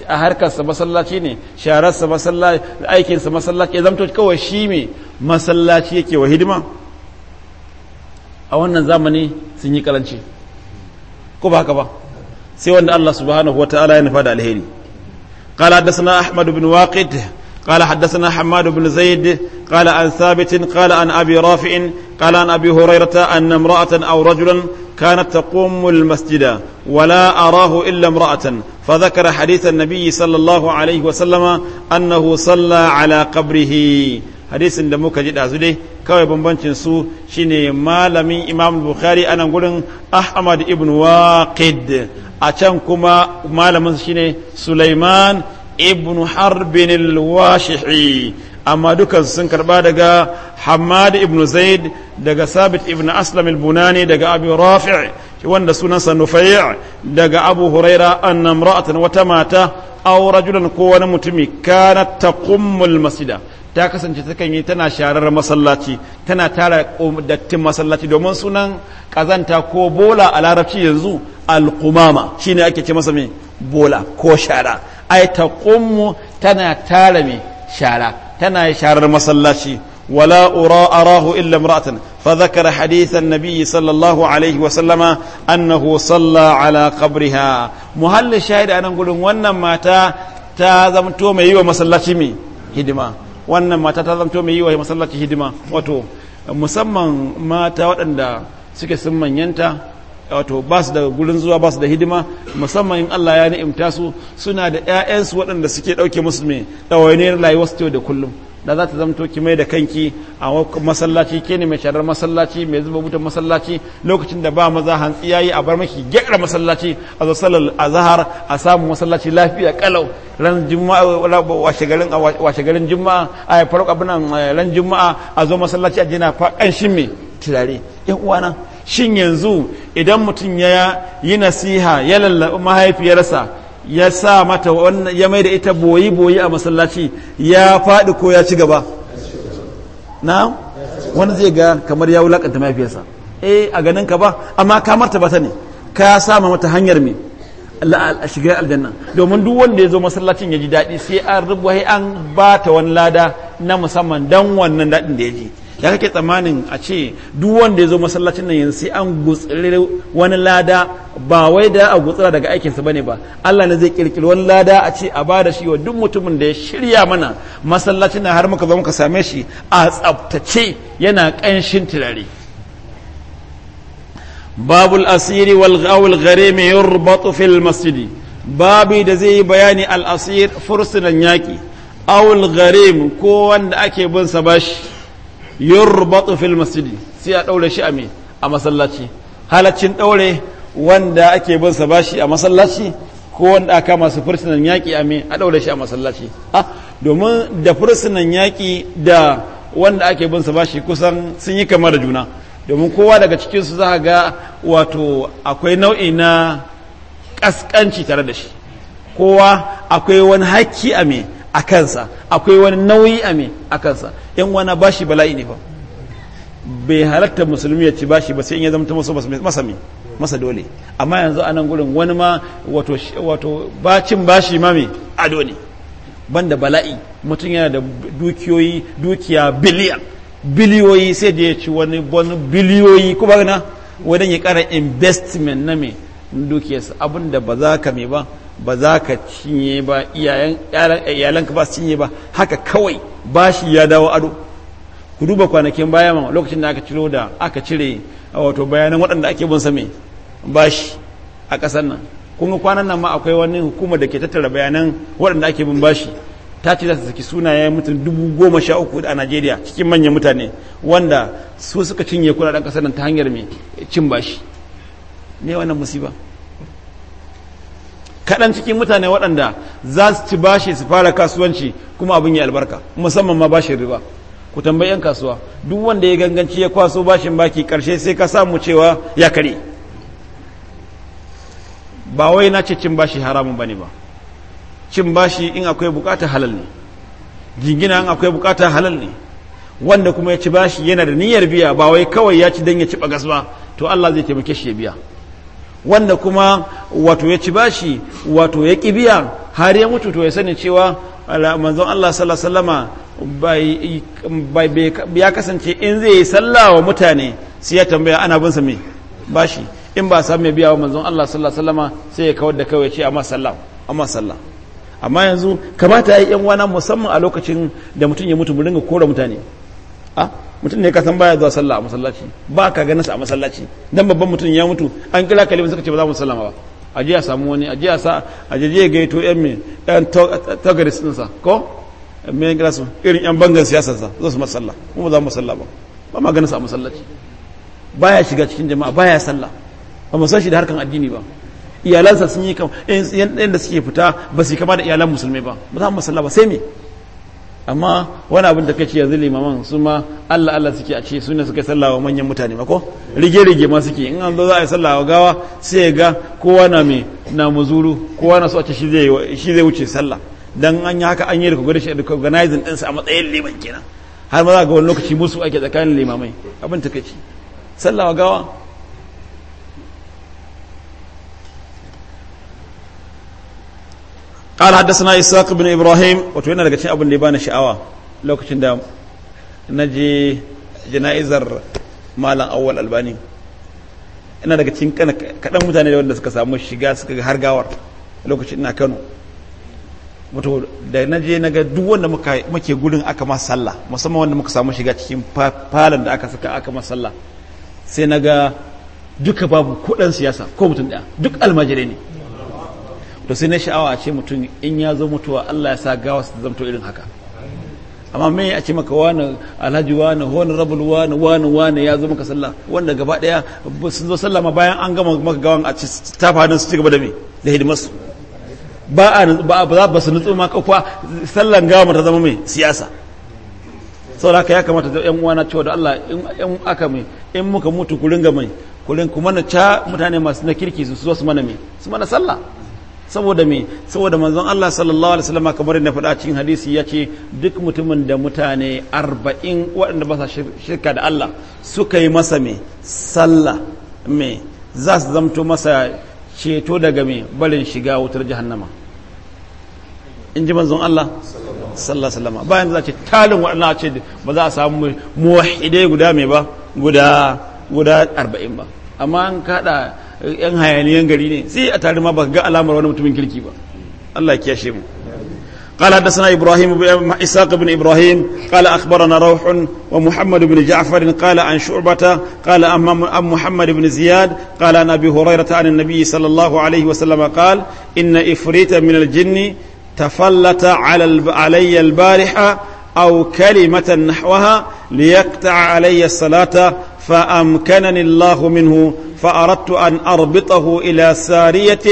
a harkarsa masallaci ne shararsa masallaci aikinsa masallaci ya zamto kawai shi mai masallaci yake wa hidima a wannan zamani sun yi karanci ko ba haka ba sai wanda Allah subhanahu wa ta'ala ya nufa da alheri قال حدثنا أحمد بن واقد قال حدثنا حماد بن زيد قال عن ثابت قال عن أبي رافع قال عن أبي هريرة أن امرأة أو رجلا كانت تقوم المسجد ولا أراه إلا امرأة فذكر حديث النبي صلى الله عليه وسلم أنه صلى على قبره حديث da muka ji ɗazu dai kawai bambancin su shine malamin imam bukhari anan gurin ahmad ibn waqid a can kuma malamin shine sulaiman ibn harbin al amma dukan sun karba daga Hamad ibn Zaid daga Sabit ibn Aslam al-Bunani daga Abu Rafi' wanda sunansa Nufai' daga Abu Huraira anna imra'atan wata mata aw rajulan ko wani mutumi kana taqummul masjida ta kasance takan yi tana sharar masallaci tana tara dattin masallaci domin sunan kazanta ko bola a larabci yanzu al-qumama shine ake ce masa me bola ko shara ai taqummu tana tara me shara tana sharar masallaci wala ura arahu illa imra'atan fa dhakara hadith an-nabi sallallahu alaihi wa sallama annahu salla ala qabriha muhalli shahid anan gurin wannan mata ta zamto mai yi wa masallaci hidima wannan mata ta zamto mai yi wa hidima wato musamman mata waɗanda suke sun manyanta wato ba su da gurin zuwa ba su da hidima musamman in Allah ya ni'imta su suna da ƴaƴansu waɗanda suke ɗauke musu mai na rayuwar su da kullum da za ta zamto ki mai da kanki a masallaci ke ne mai sharar masallaci mai zuba butan masallaci lokacin da ba maza hantsi yayi a bar maki gyara masallaci a zo sallar azhar a samu masallaci lafiya kalau ran juma'a washe garin washe garin juma'a a farko abin eh, ran juma'a a zo masallaci a jina fa kanshin me turare yan uwana shin yanzu idan mutum ya yi nasiha ya lallaɓi mahaifiyarsa ya sa mata wannan ya mai da ita boyi-boyi a masallaci ya faɗi ko ya ci gaba na wani zai ga kamar ya wulaƙanta mahaifiyarsa eh a ganin ka ba amma ka martaba ta ne ka sama mata hanyar me a shiga aljanna domin duk wanda ya zo masallacin ya ji daɗi sai an rubuwa an ba ta wani lada na musamman don wannan daɗin da ya ji ya kake tsammanin a ce duk wanda ya zo masallacin nan yanzu sai an gutsire wani lada ba wai da a gutsira daga aikinsa bane ba Allah ne zai kirkiri wani lada a ce a ba da shi wa duk mutumin da ya shirya mana masallacin nan har muka zo muka same shi a tsaftace yana ƙanshin turare babul asiri wal gawul gare mai yurbatu fil masjidi babi da zai yi bayani al asir fursunan yaki awul gharim ko wanda ake bin sa bashi yurbatu fil masjidi sai a daure shi a me a masallaci halaccin daure wanda ake bin sa bashi a masallaci ko wanda aka masu fursunan yaƙi a me a daure shi a masallaci domin da fursunan yaƙi da wanda ake bin sa bashi kusan sun yi kama da juna domin kowa daga cikin su za ga wato akwai nau'i na ƙasƙanci tare da shi kowa akwai wani hakki a me a kansa akwai wani nauyi a me a kansa yan wana bashi bala'i ne fa bai halatta musulmi ya ci bashi ba sai in ya zama masa masami masa dole amma yanzu a nan gudun wani ma wato wato bacin bashi ma me dole. ne banda bala'i mutum yana da dukiyoyi dukiya biliyan biliyoyi sai da ya ci wani biliyoyi kuma na wadan ya kara investment na me dukiyarsa abinda ba za ka me ba ba za ka cinye ba iyalanka ba su cinye ba haka kawai bashi ya dawo ado ku duba kwanakin baya ma lokacin da aka ciro da aka cire a wato bayanan waɗanda ake bin same bashi a ƙasar nan kun kwanan nan ma akwai wani hukumar da ke tattara bayanan waɗanda ake bin bashi ta ce za su saki sunayen mutum dubu goma sha uku a najeriya cikin manyan mutane wanda su suka cinye kuɗaɗen ƙasar nan ta hanyar mai cin bashi ne wannan musiba kaɗan cikin mutane waɗanda za su ci bashi su fara kasuwanci kuma abin ya albarka musamman ma bashin riba ku tambayi 'yan kasuwa duk wanda ya ganganci ya kwaso bashin baki ƙarshe sai ka samu cewa ya kare ba wai na ce cin bashi haramun ba ne ba cin bashi in akwai bukata halal ne jingina in akwai bukata halal ne wanda kuma ya ci bashi yana da niyyar biya ba wai kawai ya ci don ya ci bagas ba to Allah zai taimake shi ya biya wanda kuma wato ya ci bashi wato ya biya har ya mutu to ya sani cewa manzon Allah sallallahu alaihi ya kasance in zai yi sallah wa mutane sai ya tambaya ana bin sa me bashi in ba sa mai biya wa manzon Allah sallallahu alaihi sai ya kawar da ya ce amma sallah amma sallah amma yanzu kamata ya yi yan musamman a lokacin da mutum ya mutu mu ringa kora mutane a mutum ne ka san baya zuwa sallah a masallaci ba ka ganin sa a masallaci dan babban mutum ya mutu an kira kalibin suka ce ba za mu sallama ba a je a samu wani a je a sa a je ya gaito yan me yan tagaris din sa ko me yan su irin yan bangan siyasar sa zo su masalla mu za mu sallah ba ba ma ganin sa a masallaci baya shiga cikin jama'a baya sallah ba mu san shi da harkan addini ba iyalansa sun yi kama yadda suke fita ba su kama da iyalan musulmi ba ba za mu sallah ba sai me amma wani abin da kace yanzu limaman su ma Allah Allah suke a ce su ne suka sallawa manyan mutane mako rige rige ma suke in an zo za a yi sallawa gawa sai ya ga kowa na me na muzuru kowa na so a ce shi zai shi zai wuce sallah dan an yi haka an yi organizing din sa a matsayin liman kenan har ma za ga wani lokaci musu ake tsakanin limamai abin takeici sallawa gawa قال حدثنا إساق بن إبراهيم وتوينا لك أبو الليبان شعوى لو كنت نجي jana'izar malam awwal albani ina daga cikin kaɗan mutane da wanda suka samu shiga suka ga har gawar lokacin ina kano wato da na je na ga duk wanda muke gudun aka ma sallah musamman wanda muka samu shiga cikin falon da aka saka aka ma sallah sai na ga duka babu kuɗan siyasa ko mutum ɗaya duk almajirai ne to sai na sha'awa ce mutum in ya zo mutuwa Allah ya sa gawa su zamto irin haka amma me ya ce maka wani alhaji wani wani rabul wani wani wani ya zo maka sallah wanda gaba daya sun zo sallah ma bayan an gama maka gawan a ci tafadin su ci gaba da me da hidimarsu ba a ba ba ba su nutsu ma kafa sallan gawa ta zama mai siyasa saboda haka ya kamata da yan uwana cewa da Allah in aka mai in muka mutu ku ringa mai ku kuma na ca mutane masu na kirki su zo su mana mai su mana sallah saboda me saboda manzon Allah sallallahu alaihi wasallam kamar da faɗa cikin hadisi yace duk mutumin da mutane 40 waɗanda ba sa shirka da Allah suka yi masa me sallah me za su zamto masa ceto daga me barin shiga wutar jahannama in ji manzon Allah sallallahu alaihi wasallam bayan za ce talin waɗanda ce ba za a samu muwahhidai guda me ba guda guda 40 ba amma an kaɗa. yan hayaniyan gari ne sai a tare ma ba ga alamar wani mutumin kirki ba Allah ya kiyashe mu قال حدثنا ابراهيم بن اسحاق بن ابراهيم قال اخبرنا روح ومحمد بن جعفر قال عن شعبة قال عن محمد بن زياد قال عن ابي هريرة عن النبي صلى الله عليه وسلم قال ان افريت من الجن تفلت على علي البارحة او كلمة نحوها ليقطع علي الصلاة فامكنني الله منه فاردت ان اربطه الى ساريه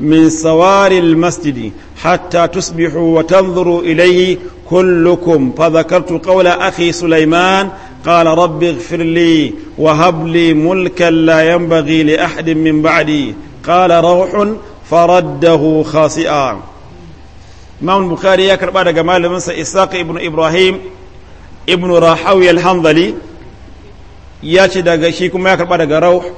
من سوار المسجد حتى تصبحوا وتنظروا اليه كلكم فذكرت قول اخي سليمان قال رب اغفر لي وهب لي ملكا لا ينبغي لاحد من بعدي قال روح فرده خاسئا ما من بخاري يكرب هذا جمال isaq ibn ibrahim إبراهيم rahawi راحوي الحنظلي ya ce daga shi kuma ya karba daga rauh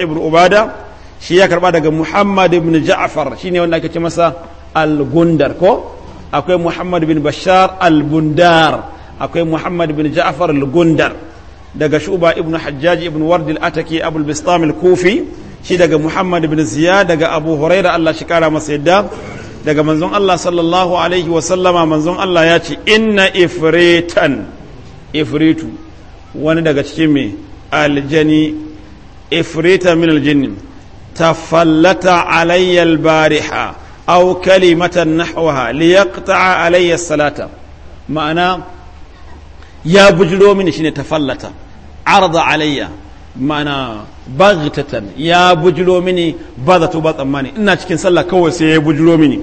ibn ubada shi ya karba daga muhammad ibn ja'far shine wanda aka ce masa al-gundar ko akwai muhammad bin bashar al-bundar akwai muhammad bin ja'far al-gundar daga shuba ibn hajjaji ibn ward al-ataki abul bistam al-kufi shi daga muhammad bin ziyad daga abu huraira Allah shi kara masa yadda daga manzon Allah sallallahu alaihi wa sallama manzon Allah ya ce inna ifritan ifritu wani daga cikin me aljani ifrita min aljinni tafallata alayya albariha aw kalimatan nahwaha liyaqta'a alayya salata ma'ana ya bujiro mini shine tafallata arda alayya ma'ana baghtatan ya bujiro mini ba ba tsammani ina cikin sallah kawai sai ya bujiro mini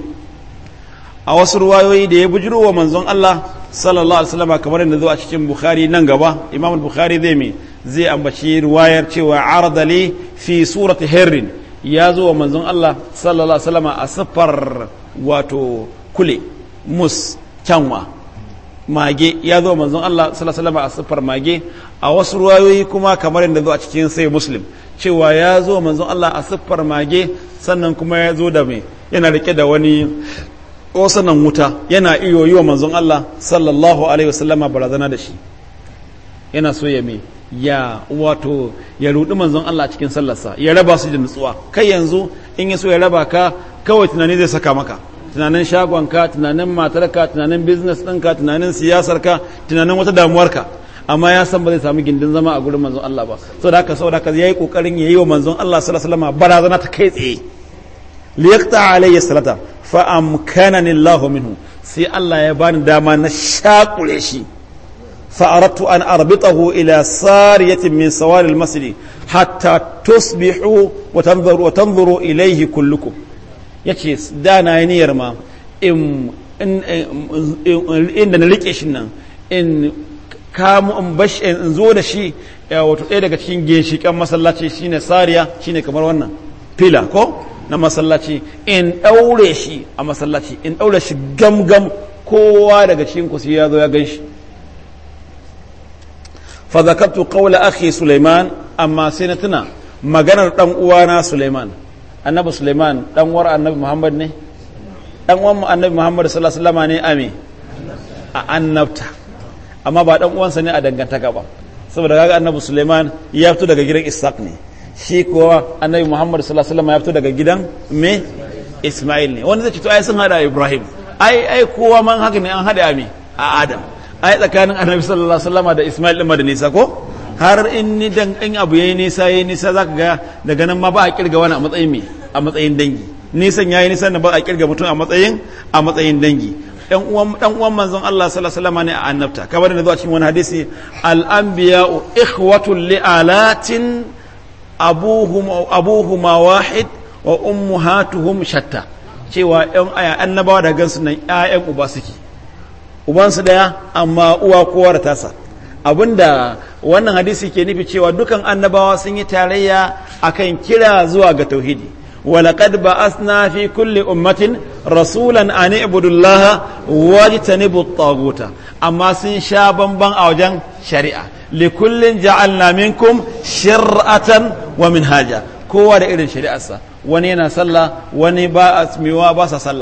a wasu ruwayoyi da ya bujiro wa manzon Allah sallallahu alaihi wasallam kamar yadda zo a cikin Bukhari nan gaba Imam Bukhari zai mai zai ambaci ruwayar cewa ardali fi surati herrin ya zo wa manzon Allah sallallahu alaihi a safar wato kule mus kyanwa mage ya zo manzon Allah sallallahu alaihi a safar mage a wasu ruwayoyi kuma kamar yadda zo a cikin sai muslim cewa ya zo manzon Allah a safar mage sannan kuma ya zo da mai yana rike da wani osanan wuta yana iyo yi wa manzon Allah sallallahu alaihi wasallama barazana da shi yana so ya mai ya wato ya rudi manzon Allah cikin sallarsa ya raba su da nutsuwa kai yanzu in ya so ya raba ka kawai tunani zai saka maka tunanin shagonka tunanin matarka tunanin business ɗinka tunanin siyasarka tunanin wata damuwarka amma ya san ba zai samu gindin zama a gurin manzon Allah ba saboda haka saboda haka yayi kokarin yayi wa manzon Allah sallallahu alaihi wasallam barazana ta kai tsaye liyaqta alayhi salata fa amkanani Allahu minhu sai Allah ya bani dama na shakure shi فأردت أن أربطه إلى سارية من سوار المسجد حتى تصبحوا وتنظروا وتنظروا إليه كلكم يكي دانا ينير ما إن إن إن إن إن kamo in bashi in zo da shi wato ɗaya daga cikin ginshiƙan masallaci shine sariya shine kamar wannan fila ko na masallaci in ɗaure shi a masallaci in ɗaure shi gamgam kowa daga cikin ku ya zo ya gan shi fa zakartu qawla akhi Sulaiman amma sai maganar dan uwana suleiman annabi suleiman dan uwar annabi Muhammad ne dan uwan annabi Muhammad sallallahu alaihi wasallam ne ame a annabta amma ba dan uwansa ne a dangantaka ba saboda kaga annabi suleiman ya fito daga gidan Ishaq ne shi kuwa annabi Muhammad sallallahu alaihi wasallam ya fito daga gidan me Ismail ne wanda zai ce to ai sun hada Ibrahim ai ai kowa man haka ne an hada me a Adam yi tsakanin annabi sallallahu alaihi wasallama da isma'il din da nisa ko har in ni dan in abu yayi nisa yayi nisa zaka ga daga nan ma ba a kirga wani a matsayin me a matsayin dangi nisan yayi nisan da ba a kirga mutum a matsayin a matsayin dangi dan uwan dan uwan manzon Allah sallallahu alaihi wasallama ne a annabta kamar da zuwa cikin wani hadisi al anbiya'u ikhwatul li'alatin abuhum abuhuma wahid wa ummuhatuhum shatta cewa yan annabawa da gansu nan ƴaƴan uba suke ubansu daya amma uwa kowar tasa abinda wannan hadisi ke nufi cewa dukan annabawa sun yi tarayya akan kira zuwa ga tauhidi ولقد بعثنا في كل أمة رسولا أن اعبدوا الله واجتنبوا الطاغوت أما سن شابا بان أو جن شريعة لكل جعلنا منكم شرعة ومنهاجا كوا da irin shari'arsa wani yana sallah wani ba a tsimiwa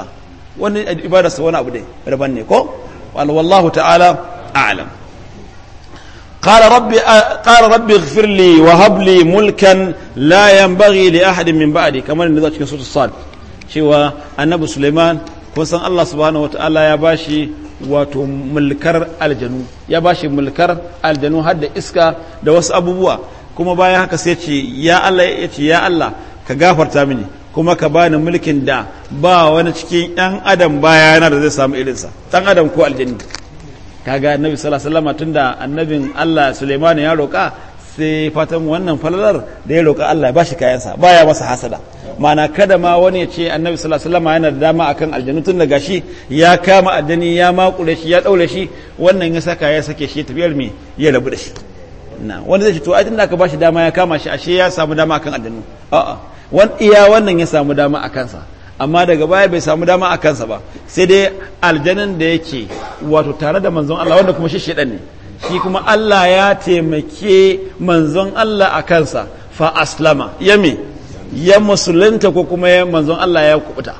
ko والله تعالى أعلم قال ربي قال ربي اغفر لي وهب لي ملكا لا ينبغي لاحد من بعدي كما نذا cikin suratul sad cewa annabi Suleiman kun san Allah subhanahu wataala ya bashi wato mulkar aljanu ya bashi mulkar aljanu har da iska da wasu abubuwa kuma bayan haka sai ce ya Allah ya ya Allah ka gafarta mini kuma ka bani mulkin da ba wani cikin ɗan adam baya yana da zai samu irinsa ɗan adam ko aljanni kaga annabi sallallahu alaihi wasallam tunda annabin Allah Sulaiman ya roƙa sai fatan wannan falalar da ya roƙa Allah ba shi kayansa baya masa hasada mana kada ma wani ya ce annabi sallallahu alaihi wasallam yana da dama akan aljannu tun da gashi ya kama aljani ya makure shi ya daure shi wannan ya saka ya sake shi tafiyar me ya rabu da shi na wani zai ce to ai tun da aka ba shi dama ya kama shi ashe ya samu dama akan aljannu a'a wan iya wannan ya samu dama a kansa amma daga baya bai samu dama a kansa ba sai dai aljanin da yake wato tare da manzon Allah wanda kuma shi shedan ne shi kuma Allah ya taimake manzon Allah a kansa fa aslama ya me ya musulunta ko kuma ya manzon Allah ya kubuta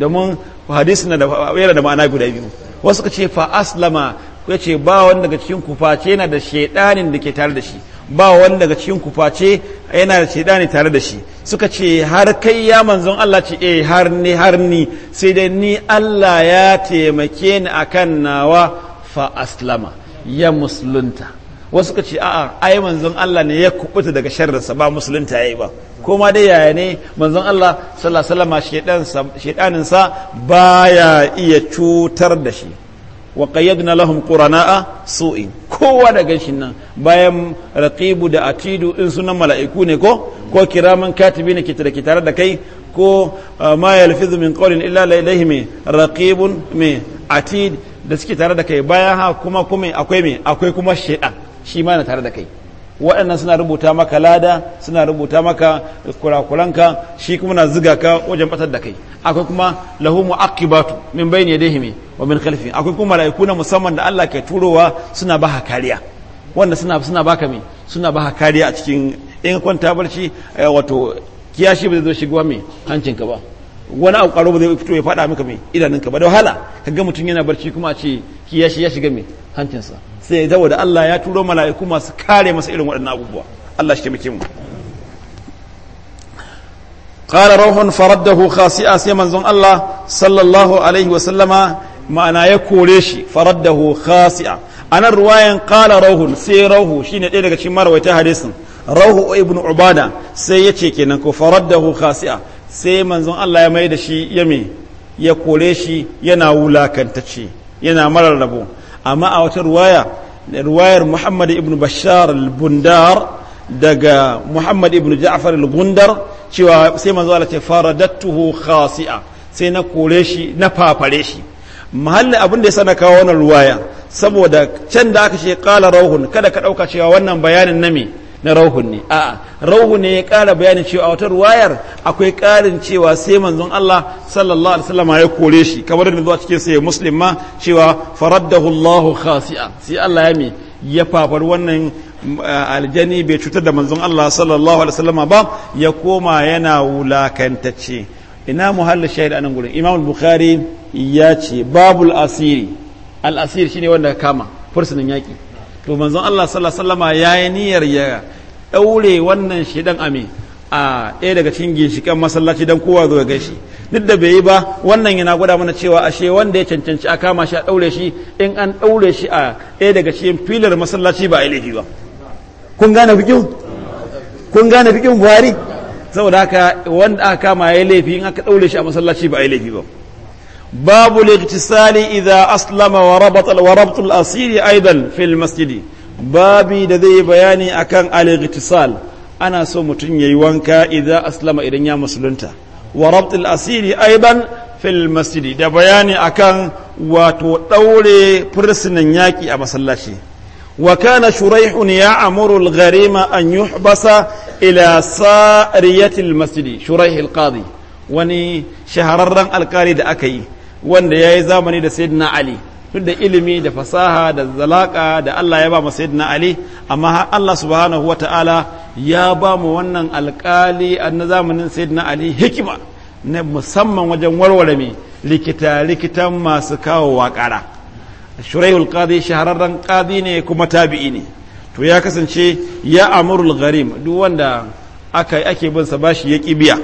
domin hadisi na da yana da ma'ana guda biyu wasu ka ce fa aslama ya ce ba wanda daga cikin kuface yana da shedanin da ke tare da shi ba wani daga cikin kuface yana da ne tare da shi suka ce har kai ya manzon Allah ce eh har ni har ni sai dai ni Allah ya taimake ni akan nawa fa aslama ya musulunta wasu ka ce a'a ai manzon Allah ne ya kubuta daga sharrinsa ba musulunta yayi ba kuma dai yaya ne manzon Allah sallallahu alaihi wasallam shedanin sa baya iya cutar da shi wa qayyadna lahum qurana'a su'in kowa daga shi nan bayan raqibu da atidu in sunan mala'iku ne ko ko kiraman katibi ne da ke tare da kai ko ah, ma yalfizu min qawlin illa laidai me raqibun me atid da suke tare da kai bayan ha kuma kuma akwai me akwai kuma shaydan shi ma na tare da kai waɗannan suna rubuta maka lada suna rubuta maka kurakuranka shi kuma na ziga ka wajen batar da kai akwai kuma lahu mu'aqibatu min bayni yadayhi wa min khalfi akwai kuma mala'iku na musamman da Allah ke turowa suna ba kariya wanda suna suna baka me suna ka kariya a cikin in kwanta barci eh, wato kiyashi ba zai zo shigowa me hancinka ba wani abu karo ba zai fito ya faɗa maka me idanunka ba da wahala ka ga mutum yana barci kuma a ce kiyashi ya shiga me hancinsa sai ya da Allah ya turo mala'iku masu kare masa irin waɗannan abubuwa Allah shi taimake mu qala ruhun faraddahu khasi'a sai manzon Allah sallallahu alaihi wa sallama ma'ana ya kore shi faraddahu khasi'a anan ruwayan kala rauhun sai rauhu ne ɗaya daga cikin marawaita hadisin rauhu ibn ubada sai ya yace kenan ko hu khasi'a sai manzon Allah ya mai da shi ya me ya kore shi yana wulakantacce yana marar rabo amma a wata ruwaya ruwayar Muhammad ibn Bashar al-Bundar daga Muhammad ibn Ja'far al bundar cewa sai manzo Allah ce faradattuhu khasi'a sai na kore shi na fafare shi mahallin abin da ya sana kawo wannan ruwaya saboda can da aka ce kala rauhun kada ka ɗauka cewa wannan bayanin na me na rauhun ne a'a rauhun ne ya ƙara bayanin cewa a wata ruwayar akwai ƙarin cewa sai manzon Allah sallallahu alaihi wasallam ya kore shi kamar da zuwa cikin sai muslim ma cewa faraddahu Allah khasi'a sai Allah ya me ya fafar wannan aljani bai cutar da manzon Allah sallallahu alaihi wasallam ba ya koma yana wulakantacce ina muhallin shahid anan gurin imam bukhari ya ce babul asiri al'asir ne wanda kama fursunan yaƙi to manzon Allah sallallahu ya yi niyyar ya ɗaure wannan shedan ame a ɗaya daga cikin ginshiƙan masallaci don kowa zo gaishe duk da bai yi ba wannan yana gwada mana cewa ashe wanda ya cancanci a kama shi a ɗaure shi in an ɗaure shi a ɗaya daga cikin filar masallaci ba a yi laifi ba kun gane bikin kun gane bikin buhari saboda haka wanda aka kama ya laifi in aka ɗaure shi a masallaci ba a yi laifi ba babu الاغتسال إذا أسلم وربط وربط الأسير أيضا في المسجد babi da zai yi bayani akan al ana so mutum yayi wanka idan aslama idan ya musulunta wa rabtul asiri aiban fil masjid da bayani akan wato daure fursunan yaki a masallaci wakana kana shuraihun ya amuru al-gharima an yuhbasa ila sa'riyatil masjid shuraih al wani shahararren alkali da aka yi wanda ya yi zamani da sayyidina ali duk da ilimi da fasaha da zalaka da Allah ya ba mu sayyidina ali amma Allah subhanahu wa ta'ala ya ba mu wannan alkali na zamanin sayyidina ali hikima na musamman wajen warware likita likitan masu kawo waƙara shuraihul qadi shahararren qadi ne kuma tabi'i ne to ya kasance ya amurul duk wanda aka ake bin sa bashi ya biya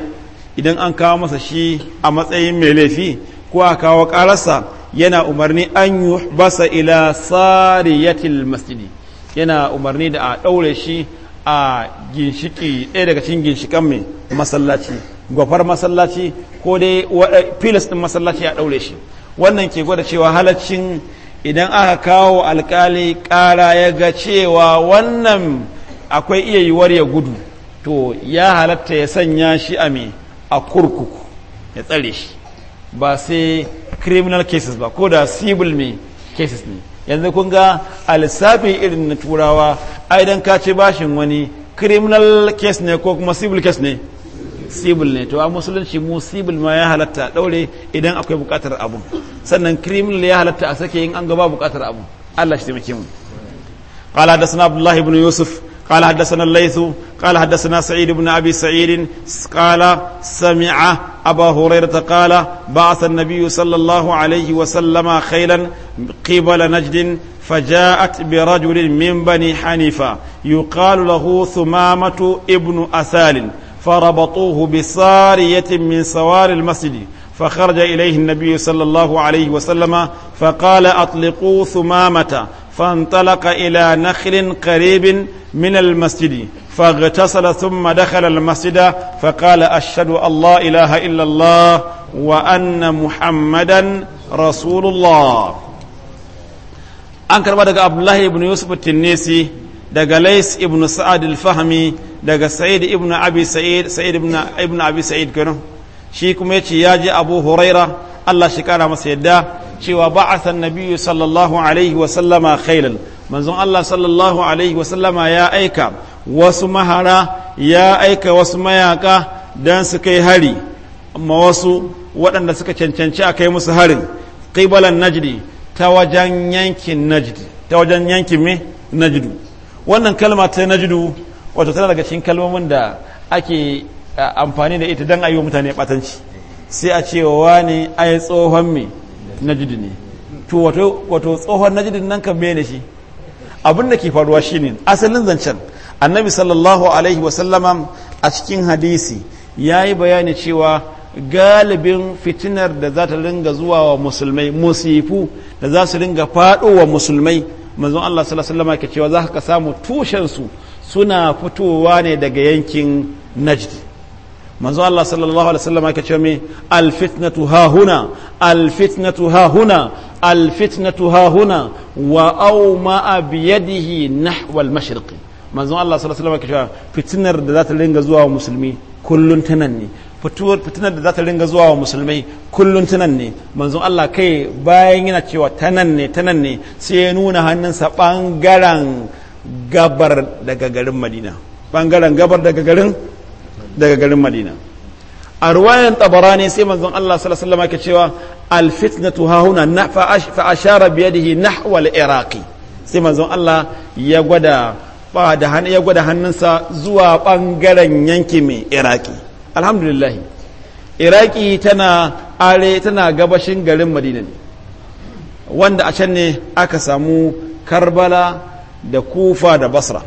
idan an kawo masa shi a matsayin mai laifi ko a kawo ƙararsa yana umarni an yi basa ila sariyatil masjidi yana umarni da a ɗaure shi a ginshiki ɗaya daga cikin ginshikan mai masallaci gwafar masallaci ko dai eh, filas ɗin masallaci a ɗaure shi wannan ke gwada cewa halaccin idan aka kawo alkali ƙara ya ga cewa wannan akwai iya yiwuwar ya gudu to ya halatta ya sanya shi a me a kurkuku ya tsare shi ba sai criminal cases ba ko da civil me cases ne yanzu kun ga a lissafin irin na turawa aidan dan ka ce bashin wani criminal case ne ko kuma civil case ne civil ne to a musulunci mu civil ma ya halatta daure idan akwai bukatar abu sannan criminal ya halatta a sake yin an gaba bukatar abu Allah shi taimake mu qala da sana abdullahi ibn yusuf قال حدثنا الليث قال حدثنا سعيد بن أبي سعيد قال سمع أبا هريرة قال بعث النبي صلى الله عليه وسلم خيلا قبل نجد فجاءت برجل من بني حنيفة يقال له ثمامة ابن أثال فربطوه بسارية من سوار المسجد فخرج إليه النبي صلى الله عليه وسلم فقال أطلقوا ثمامة فانطلق إلى نخل قريب من المسجد فاغتسل ثم دخل المسجد فقال أشهد الله إله إلا الله وأن محمدا رسول الله أنكر بدك عبد الله بن يوسف التنيسي daga Lais ibn Sa'ad al-Fahmi daga Sa'id ibn Abi Sa'id Sa'id ibn Abi Sa'id kenan shi kuma ya ce ya je abu huraira Allah shi kara masa yadda cewa ba a san nabiyyu sallallahu alaihi wa sallama khailal manzon Allah sallallahu alaihi wa sallama ya aika wasu mahara ya aika wasu mayaka dan su kai hari amma wasu waɗanda suka cancanci a kai musu harin qibalan najdi ta wajen yankin najdi ta wajen yankin me najdu wannan kalma ta najdu wato tana daga cikin kalmomin da ake amfani da ita don a yi wa mutane batanci sai a ce wa ne yi tsohon me najid ne to wato tsohon najid nan kan mene shi abin da ke faruwa shine asalin zancen annabi sallallahu alaihi wasallama a cikin hadisi ya yi bayani cewa galibin fitinar da za ta ringa zuwa wa musulmai musifu da za su ringa faɗo wa musulmai manzon Allah sallallahu alaihi wasallama ke cewa za ka samu tushensu suna fitowa ne daga yankin najdi manzo Allah sallallahu alaihi wasallam yake cewa me alfitnatu ha huna alfitnatu ha huna alfitnatu ha huna wa aw ma biyadihi nahwa al-mashriq manzo Allah sallallahu alaihi wasallam yake cewa fitnar da za ta ringa zuwa wa musulmi kullun tanan ne fituwar fitinar da za ta ringa zuwa wa musulmai kullun tanan ne Manzo Allah kai bayan yana cewa tanan ne tanan ne sai ya nuna hannunsa bangaren gabar daga garin Madina bangaren gabar daga garin daga garin madina a ruwayan tabarani sai manzon Allah sallallahu alaihi wasallam cewa al fitnatu hahuna na fa ashara bi yadihi nahwa al iraqi sai manzon Allah ya gwada ba da hannu ya gwada hannunsa zuwa bangaren yanki mai iraqi alhamdulillah iraƙi tana are tana gabashin garin madina ne wanda a can ne aka samu karbala da kufa da basra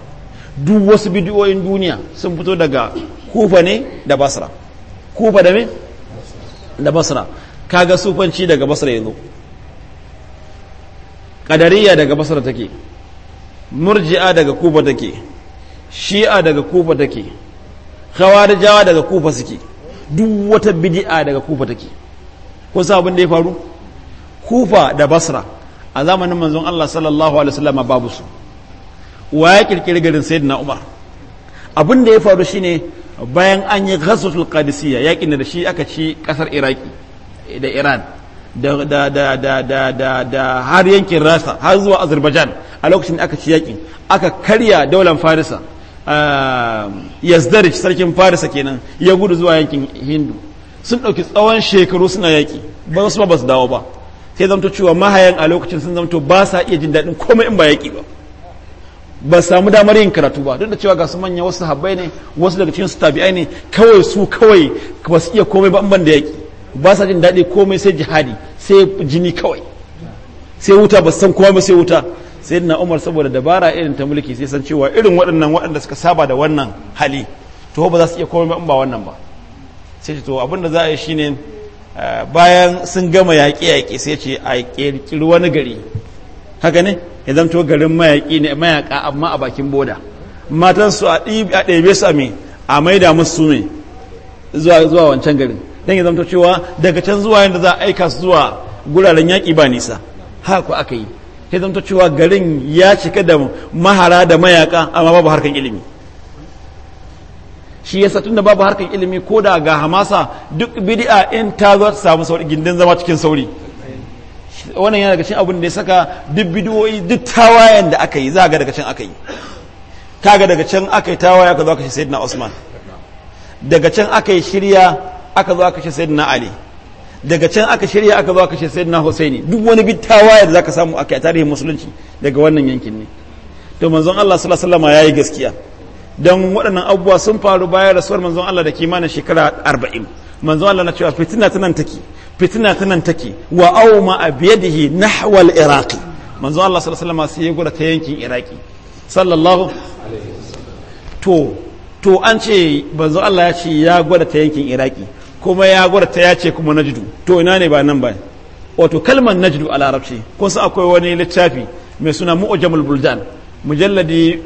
duk wasu bidiyoyin duniya sun fito daga kufa ne da basra kufa da me da basra kaga sufanci daga basra yanzu kadariya daga basra take murji'a daga kufa take shi'a daga kufa take khawarijawa daga kufa suke duk wata bidi'a daga kufa take ko sabon da ya faru kufa da basra a zamanin manzon Allah sallallahu alaihi wasallam babu su wa ya kirkiri garin na umar abin da ya faru shi ne bayan an yi ghazwatul qadisiyya yakin da shi aka ci kasar iraki da iran da da da da da da da har yankin rasa har zuwa azerbaijan a lokacin da aka ci yakin aka karya daular farisa ah, yazdarich sarkin farisa kenan ya gudu zuwa yankin hindu sun ɗauki tsawon shekaru suna yaƙi ba su ba su dawo ba sai zamto cewa mahayan a lokacin sun zamto ba sa iya jin daɗin komai in ba yaƙi ba ba samu damar yin karatu ba duk da cewa ga su manya wasu habbai ne wasu daga cikin su tabi'ai ne kawai su kawai ba su iya komai ba ban da yaki ba sa jin daɗi komai sai jihadi sai jini kawai sai wuta ba san komai sai wuta sai na umar saboda dabara irin ta mulki sai san cewa irin waɗannan waɗanda suka saba da wannan hali to ba za su iya komai ba ba wannan ba sai to abin da za a yi shine eh, bayan sun gama yaƙe-yaƙe sai ce a ƙirƙiri wani gari haka ne ya to garin mayaƙi ne mayaƙa amma a bakin boda matan su a ɗebe su a me a maida musu ne zuwa wancan garin don ya zamta cewa daga can zuwa yadda za a aika su zuwa guraren yaƙi ba nisa haka aka yi ya zamta cewa garin ya cika da mahara da mayaƙa amma babu harkar ilimi shi yasa da babu harkar ilimi ko da ga hamasa duk bidi'a in ta zo samu sauri gindin zama cikin sauri wannan yana daga cikin abin da ya saka duk bidiyoyi duk tawayen da aka yi za ga daga can aka yi ga daga can aka yi tawaya ka zo aka shi sayyidina Usman daga can aka yi shirya aka zo aka shi sayyidina Ali daga can aka shirya aka zo aka shi sayyidina Husaini duk wani bi tawaya da zaka samu aka yi tarihin musulunci daga wannan yankin ne to manzon Allah sallallahu alaihi wasallam yayi gaskiya don waɗannan abubuwa sun faru bayan rasuwar manzon Allah da kimanin shekara 40 manzon Allah na cewa fitina tana take fitina ta nan take wa auma a biyadihi nahwal iraqi manzo Allah sallallahu alaihi wasallam sai ya gura ta yankin iraqi sallallahu to to an ce manzo Allah ya ce ya gwada ta yankin iraqi kuma ya gwada ta ya ce kuma najdu to ina ne ba nan ba wato kalmar najdu a larabci kun san akwai wani littafi mai suna mu'jamul buldan mujalladi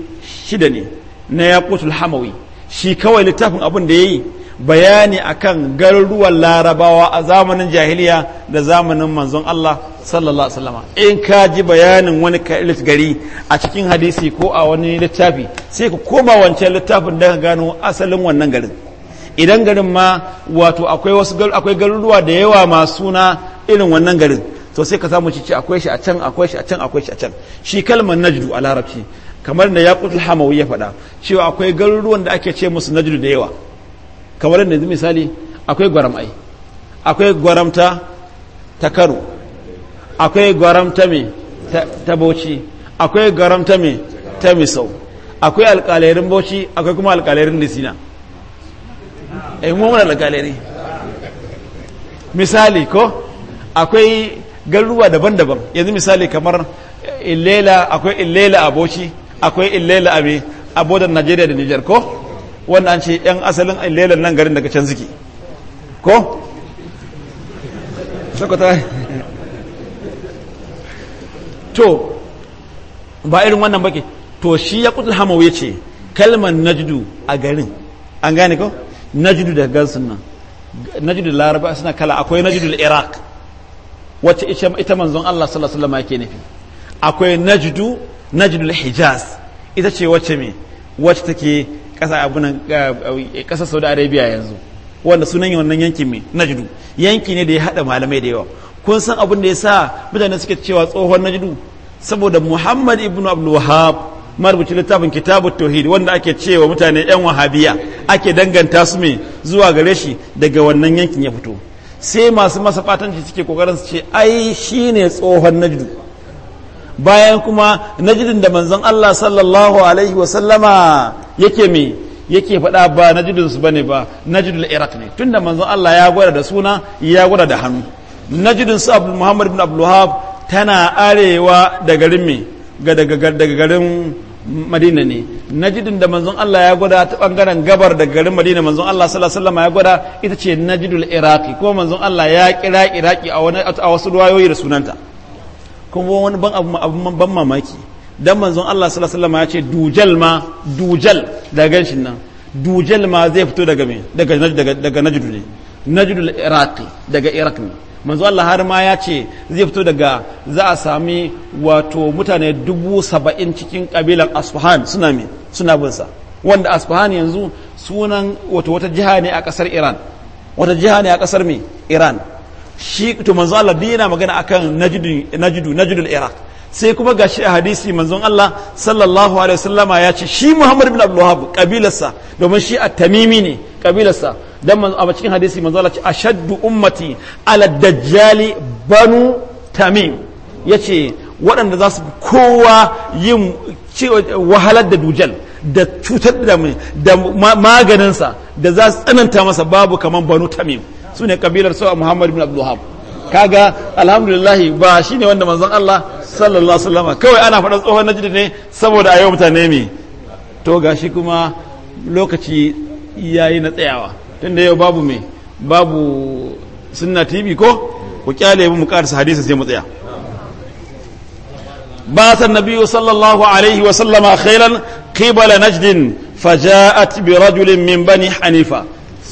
shida ne na yaqutul hamawi shi kawai littafin abin da yayi bayani akan garuruwan larabawa a zamanin jahiliya da zamanin manzon Allah sallallahu alaihi wasallam in ka ji bayanin wani kalit gari a cikin hadisi ko a wani littafi sai ku koma wancan littafin da ka gano asalin wannan garin idan garin ma wato akwai wasu akwai garuruwa da yawa masu suna irin wannan garin to sai ka samu cici akwai shi a can akwai shi a can akwai shi a can shi kalmar najdu a larabci kamar da yaqut al-hamawi ya faɗa cewa akwai garuruwan da ake ce musu najdu da yawa kamar yadda yanzu misali akwai gwaram ai akwai gwaramta ta karu akwai gwaramta mai ta bauchi akwai gwaramta mai ta misau akwai alƙalairin bauchi akwai kuma alƙalairin nisina a yi eh, mummunan alkalairi misali ko akwai garuruwa daban-daban yanzu misali kamar illela akwai illela a bauchi akwai illela a mai abodan najeriya da nijar ko wanda an ce yan asalin lelan nan garin daga can ziki ko sakwata to ba irin wannan baki to shi ya kudin hamau ya ce kalmar najdu a garin an gane ko najidu da gansun nan najidu da laraba suna kala akwai najidu da iraq wacce ita manzon allah sallallahu alaihi wasallam yake nufi akwai najidu najdul hijaz ita ce wacce me wacce take ƙasa abunan ƙasar saudi arabia yanzu wanda sunan yi wannan yankin mai najdu yanki ne da ya haɗa malamai da yawa kun san abin da ya sa mutane suke cewa tsohon najdu saboda muhammad ibn Abu wahab marubuci littafin kitabu tauhid wanda ake cewa mutane yan wahabiya ake danganta su mai zuwa gare shi daga wannan yankin ya fito sai masu masa fatan suke kokarin su ce ai shine tsohon najdu bayan kuma najidin da manzon Allah sallallahu alaihi wa sallama yake mai yake faɗa ba najidin su bane ba najidul iraq ne tunda manzon Allah ya gwada da suna ya gwada da hannu najidin su abdul muhammad bin abdul wahab tana arewa da garin mai ga daga garin madina ne najidin da manzon Allah ya gwada ta bangaren gabar da garin madina manzon Allah sallallahu alaihi wasallama ya gwada ita ce najidul iraqi kuma manzon Allah ya kira iraqi a wasu ruwayoyi da sunanta kuma wani ban abu ban mamaki dan manzon Allah sallallahu alaihi ya ce dujal ma dujal da ganshin nan dujal ma zai fito daga me daga daga daga najd ne najd iraqi daga iraq ne manzon Allah har ma ya ce zai fito daga za a sami wato mutane dubu saba'in cikin kabilan asfahan suna me suna bin wanda asfahan yanzu sunan wato wata jiha ne a kasar iran wata jiha ne a kasar me iran shi to manzo Allah duk yana magana akan najidu najidu najidul iraq sai kuma gashi a hadisi manzon Allah sallallahu alaihi wasallam ya ce shi Muhammad bin Abdul Wahhab kabilarsa domin shi at-Tamimi ne kabilarsa dan a cikin hadisi manzon Allah ce ashaddu ummati ala dajjali banu Tamim yace waɗanda za su kowa yin wahalar da dujal da cutar da maganinsa da za su tsananta masa babu kamar banu Tamim su ne kabilar su Muhammad bin Abdul Wahab kaga alhamdulillah ba shi ne wanda manzon Allah sallallahu alaihi wasallam kawai ana faɗa tsohon najd ne saboda a yau mutane me to gashi kuma lokaci yayi na tsayawa tunda yau babu me babu sunna TV ko ku kyale mu karisa hadisi sai mu tsaya بعث النبي صلى الله عليه najdin خيلا قبل نجد فجاءت برجل min bani hanifa.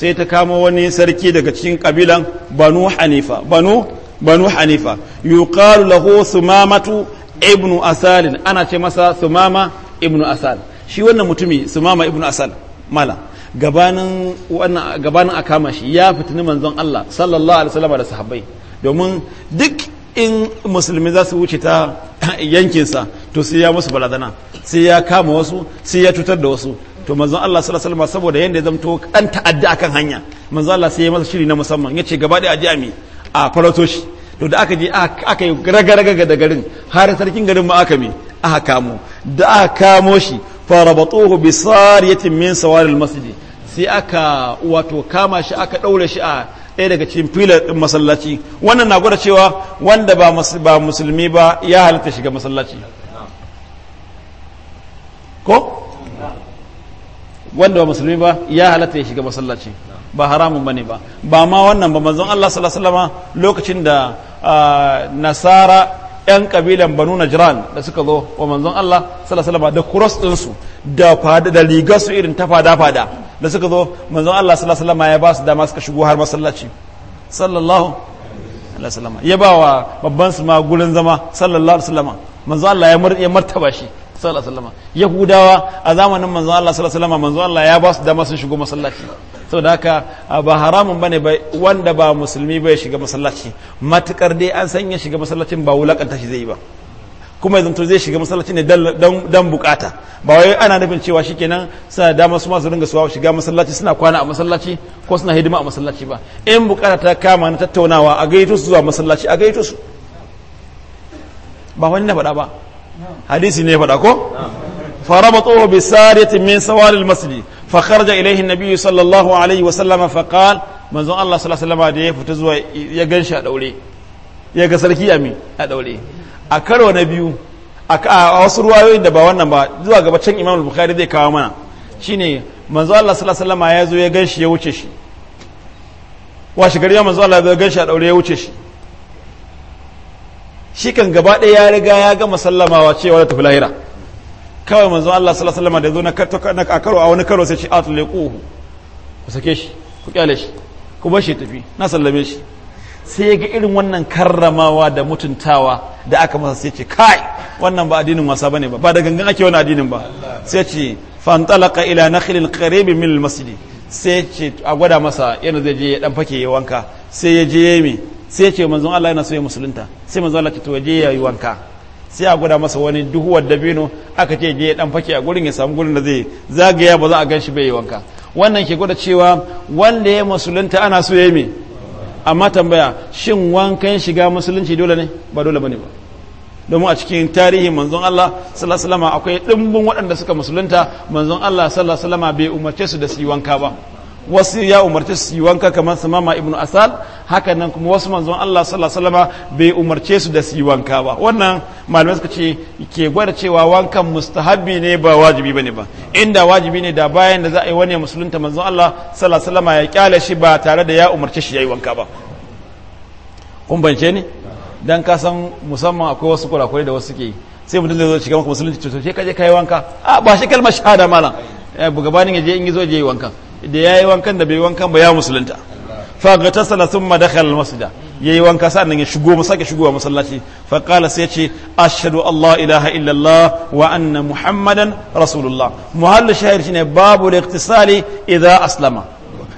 sai ta kama wani sarki daga cikin kabilan banu hanifa banu banu hanifa yuqalu lahu sumamatu ibnu asal ana ce masa sumama ibnu asal shi wannan mutumi sumama ibnu asal mala gabanin wannan gabanin a kama shi ya fitini manzon Allah sallallahu alaihi wasallam da sahabbai domin duk in musulmi za su wuce ta <coughs> yankinsa to sai ya musu barazana sai ya kama wasu sai ya cutar da wasu to manzon Allah sallallahu alaihi wasallam saboda yanda ya zamto an ta'addi akan hanya manzon Allah sai ya masa shiri na musamman yace gaba da aje ami a farato shi to da aka je aka yi raga-raga da garin har sarkin garin ma aka mi aka kamo da aka kamo shi rabatuhu bi sariyatin min sawaril masjid sai aka wato kama shi aka daure shi a ɗaya daga cikin filar ɗin masallaci wannan na gwada cewa wanda ba ba musulmi ba ya halitta shiga masallaci ko wanda ba musulmi ba ya halatta ya shiga masallaci ba haramun bane ba ba ma wannan ba manzon Allah sallallahu alaihi wasallam lokacin da ah, nasara yan kabilan banu najran da suka zo wa manzon Allah sallallahu alaihi wasallam da cross din su da fada da liga su irin ta fada fada da suka zo manzon Allah sallallahu alaihi wasallam ya ba su dama suka shigo har masallaci sallallahu alaihi wasallam ya ba wa babban su ma gurin zama sallallahu alaihi wasallam manzon Allah ya martaba shi sallallahu alaihi wasallam yahudawa a zamanin manzon Allah sallallahu alaihi wasallam manzon Allah ya ba su dama sun shigo masallaci saboda haka ba haramun bane ba wanda ba musulmi ba ya shiga masallaci matukar dai an san ya shiga masallacin ba wulakanta shi zai yi ba kuma yanzu to zai shiga masallaci ne dan bukata ba wai ana nufin cewa shikenan suna dama su masu ringa suwa shiga masallaci suna kwana a masallaci ko suna hidima a masallaci ba in bukata ta kama na tattaunawa a gaito su zuwa masallaci a gaito su ba wani na faɗa ba hadisi ne faɗa ko فربطوه بسارية من سوار المسجد فخرج masli. النبي صلى الله عليه وسلم فقال من زون الله صلى الله عليه وسلم دي فتزوى يغنش أدولي a wasu ruwayoyi da ba wannan ba zuwa gaba can imam bukhari zai kawo mana shine manzo Allah sallallahu alaihi wasallam ya zo ya ganshi ya wuce shi washi gari manzo Allah ya ganshi a daure ya wuce shi shi kan gaba ɗaya ya riga ya gama sallamawa cewa da tafi lahira kawai manzo Allah sallallahu alaihi wasallam da zo na karo a wani karo sai shi atliquhu ku sake shi ku kyale shi ku bar shi tafi na sallame shi sai ya ga irin wannan karramawa da mutuntawa da aka masa sai ce kai wannan ba addinin wasa bane ba ba da gangan ake wani addinin ba sai ce fantalaka ila nakhilin qaribin min masjid sai ce a gwada masa yana zai je ya dan fake ya wanka sai ya je ya sai ce manzon Allah yana so ya musulunta sai manzon Allah ce to je ya yi wanka sai a gwada masa wani duhuwar dabino aka ce je ya dan fake a gurin ya samu gurin da zai zagaya ba za a ganshi bai yi wanka wannan ke gwada cewa wanda ya musulunta ana so ya yi me amma tambaya shin wankan shiga musulunci dole ne ba dole bane ba domin a cikin tarihin manzon Allah sallallahu alaihi akwai dimbin waɗanda suka musulunta manzon Allah sallallahu alaihi bai umarce su da su yi wanka ba wasu ya umarci su yi wanka kamar samama ibnu asal haka nan kuma wasu manzon Allah sallallahu alaihi wasallam bai umarce su da su yi wanka ba wannan malamai suka ce ke gwada cewa wankan mustahabbi ne ba wajibi bane ba inda wajibi ne da bayan da za a yi wani musulunta manzon Allah sallallahu alaihi wasallam ya kyale shi ba tare da ya umarce shi ya yi wanka ba kun bance ne dan ka san musamman akwai wasu kurakurai da wasu ke yi sai mutum zai zo shiga maka musulunci to sai ka je ka yi wanka a ah, ba shi kalmar shahada malam eh, gabanin ya je in yi zo je yi wanka da yayi wankan da bai wankan ba ya musulunta fa ga tasala thumma ya yi masjida yayi wanka sannan ya shigo mu sake shigowa masallaci fa qala sai ce ashhadu allah ilaha illa allah wa anna muhammadan rasulullah muhalli shahir shine babu al-iqtisali idza aslama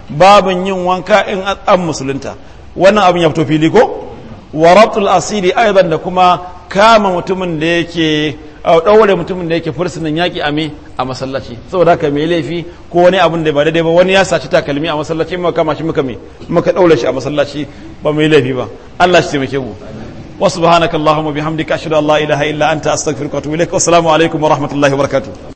babu yin wanka in an musulunta wannan abin ya fito fili ko wa rabtul asiri aidan da kuma kama mutumin da yake a ɗaure mutumin da yake fursunan yaƙi a me a masallaci saboda haka mai laifi ko wani abin da ba daidai ba wani ya saci takalmi a masallaci muka kama shi muka me muka ɗaure shi a masallaci ba mai laifi ba Allah shi taimake mu wa subhanakallahumma bihamdika ashhadu an la ilaha illa anta astaghfiruka wa atubu ilaik wa assalamu alaikum wa rahmatullahi wa barakatuh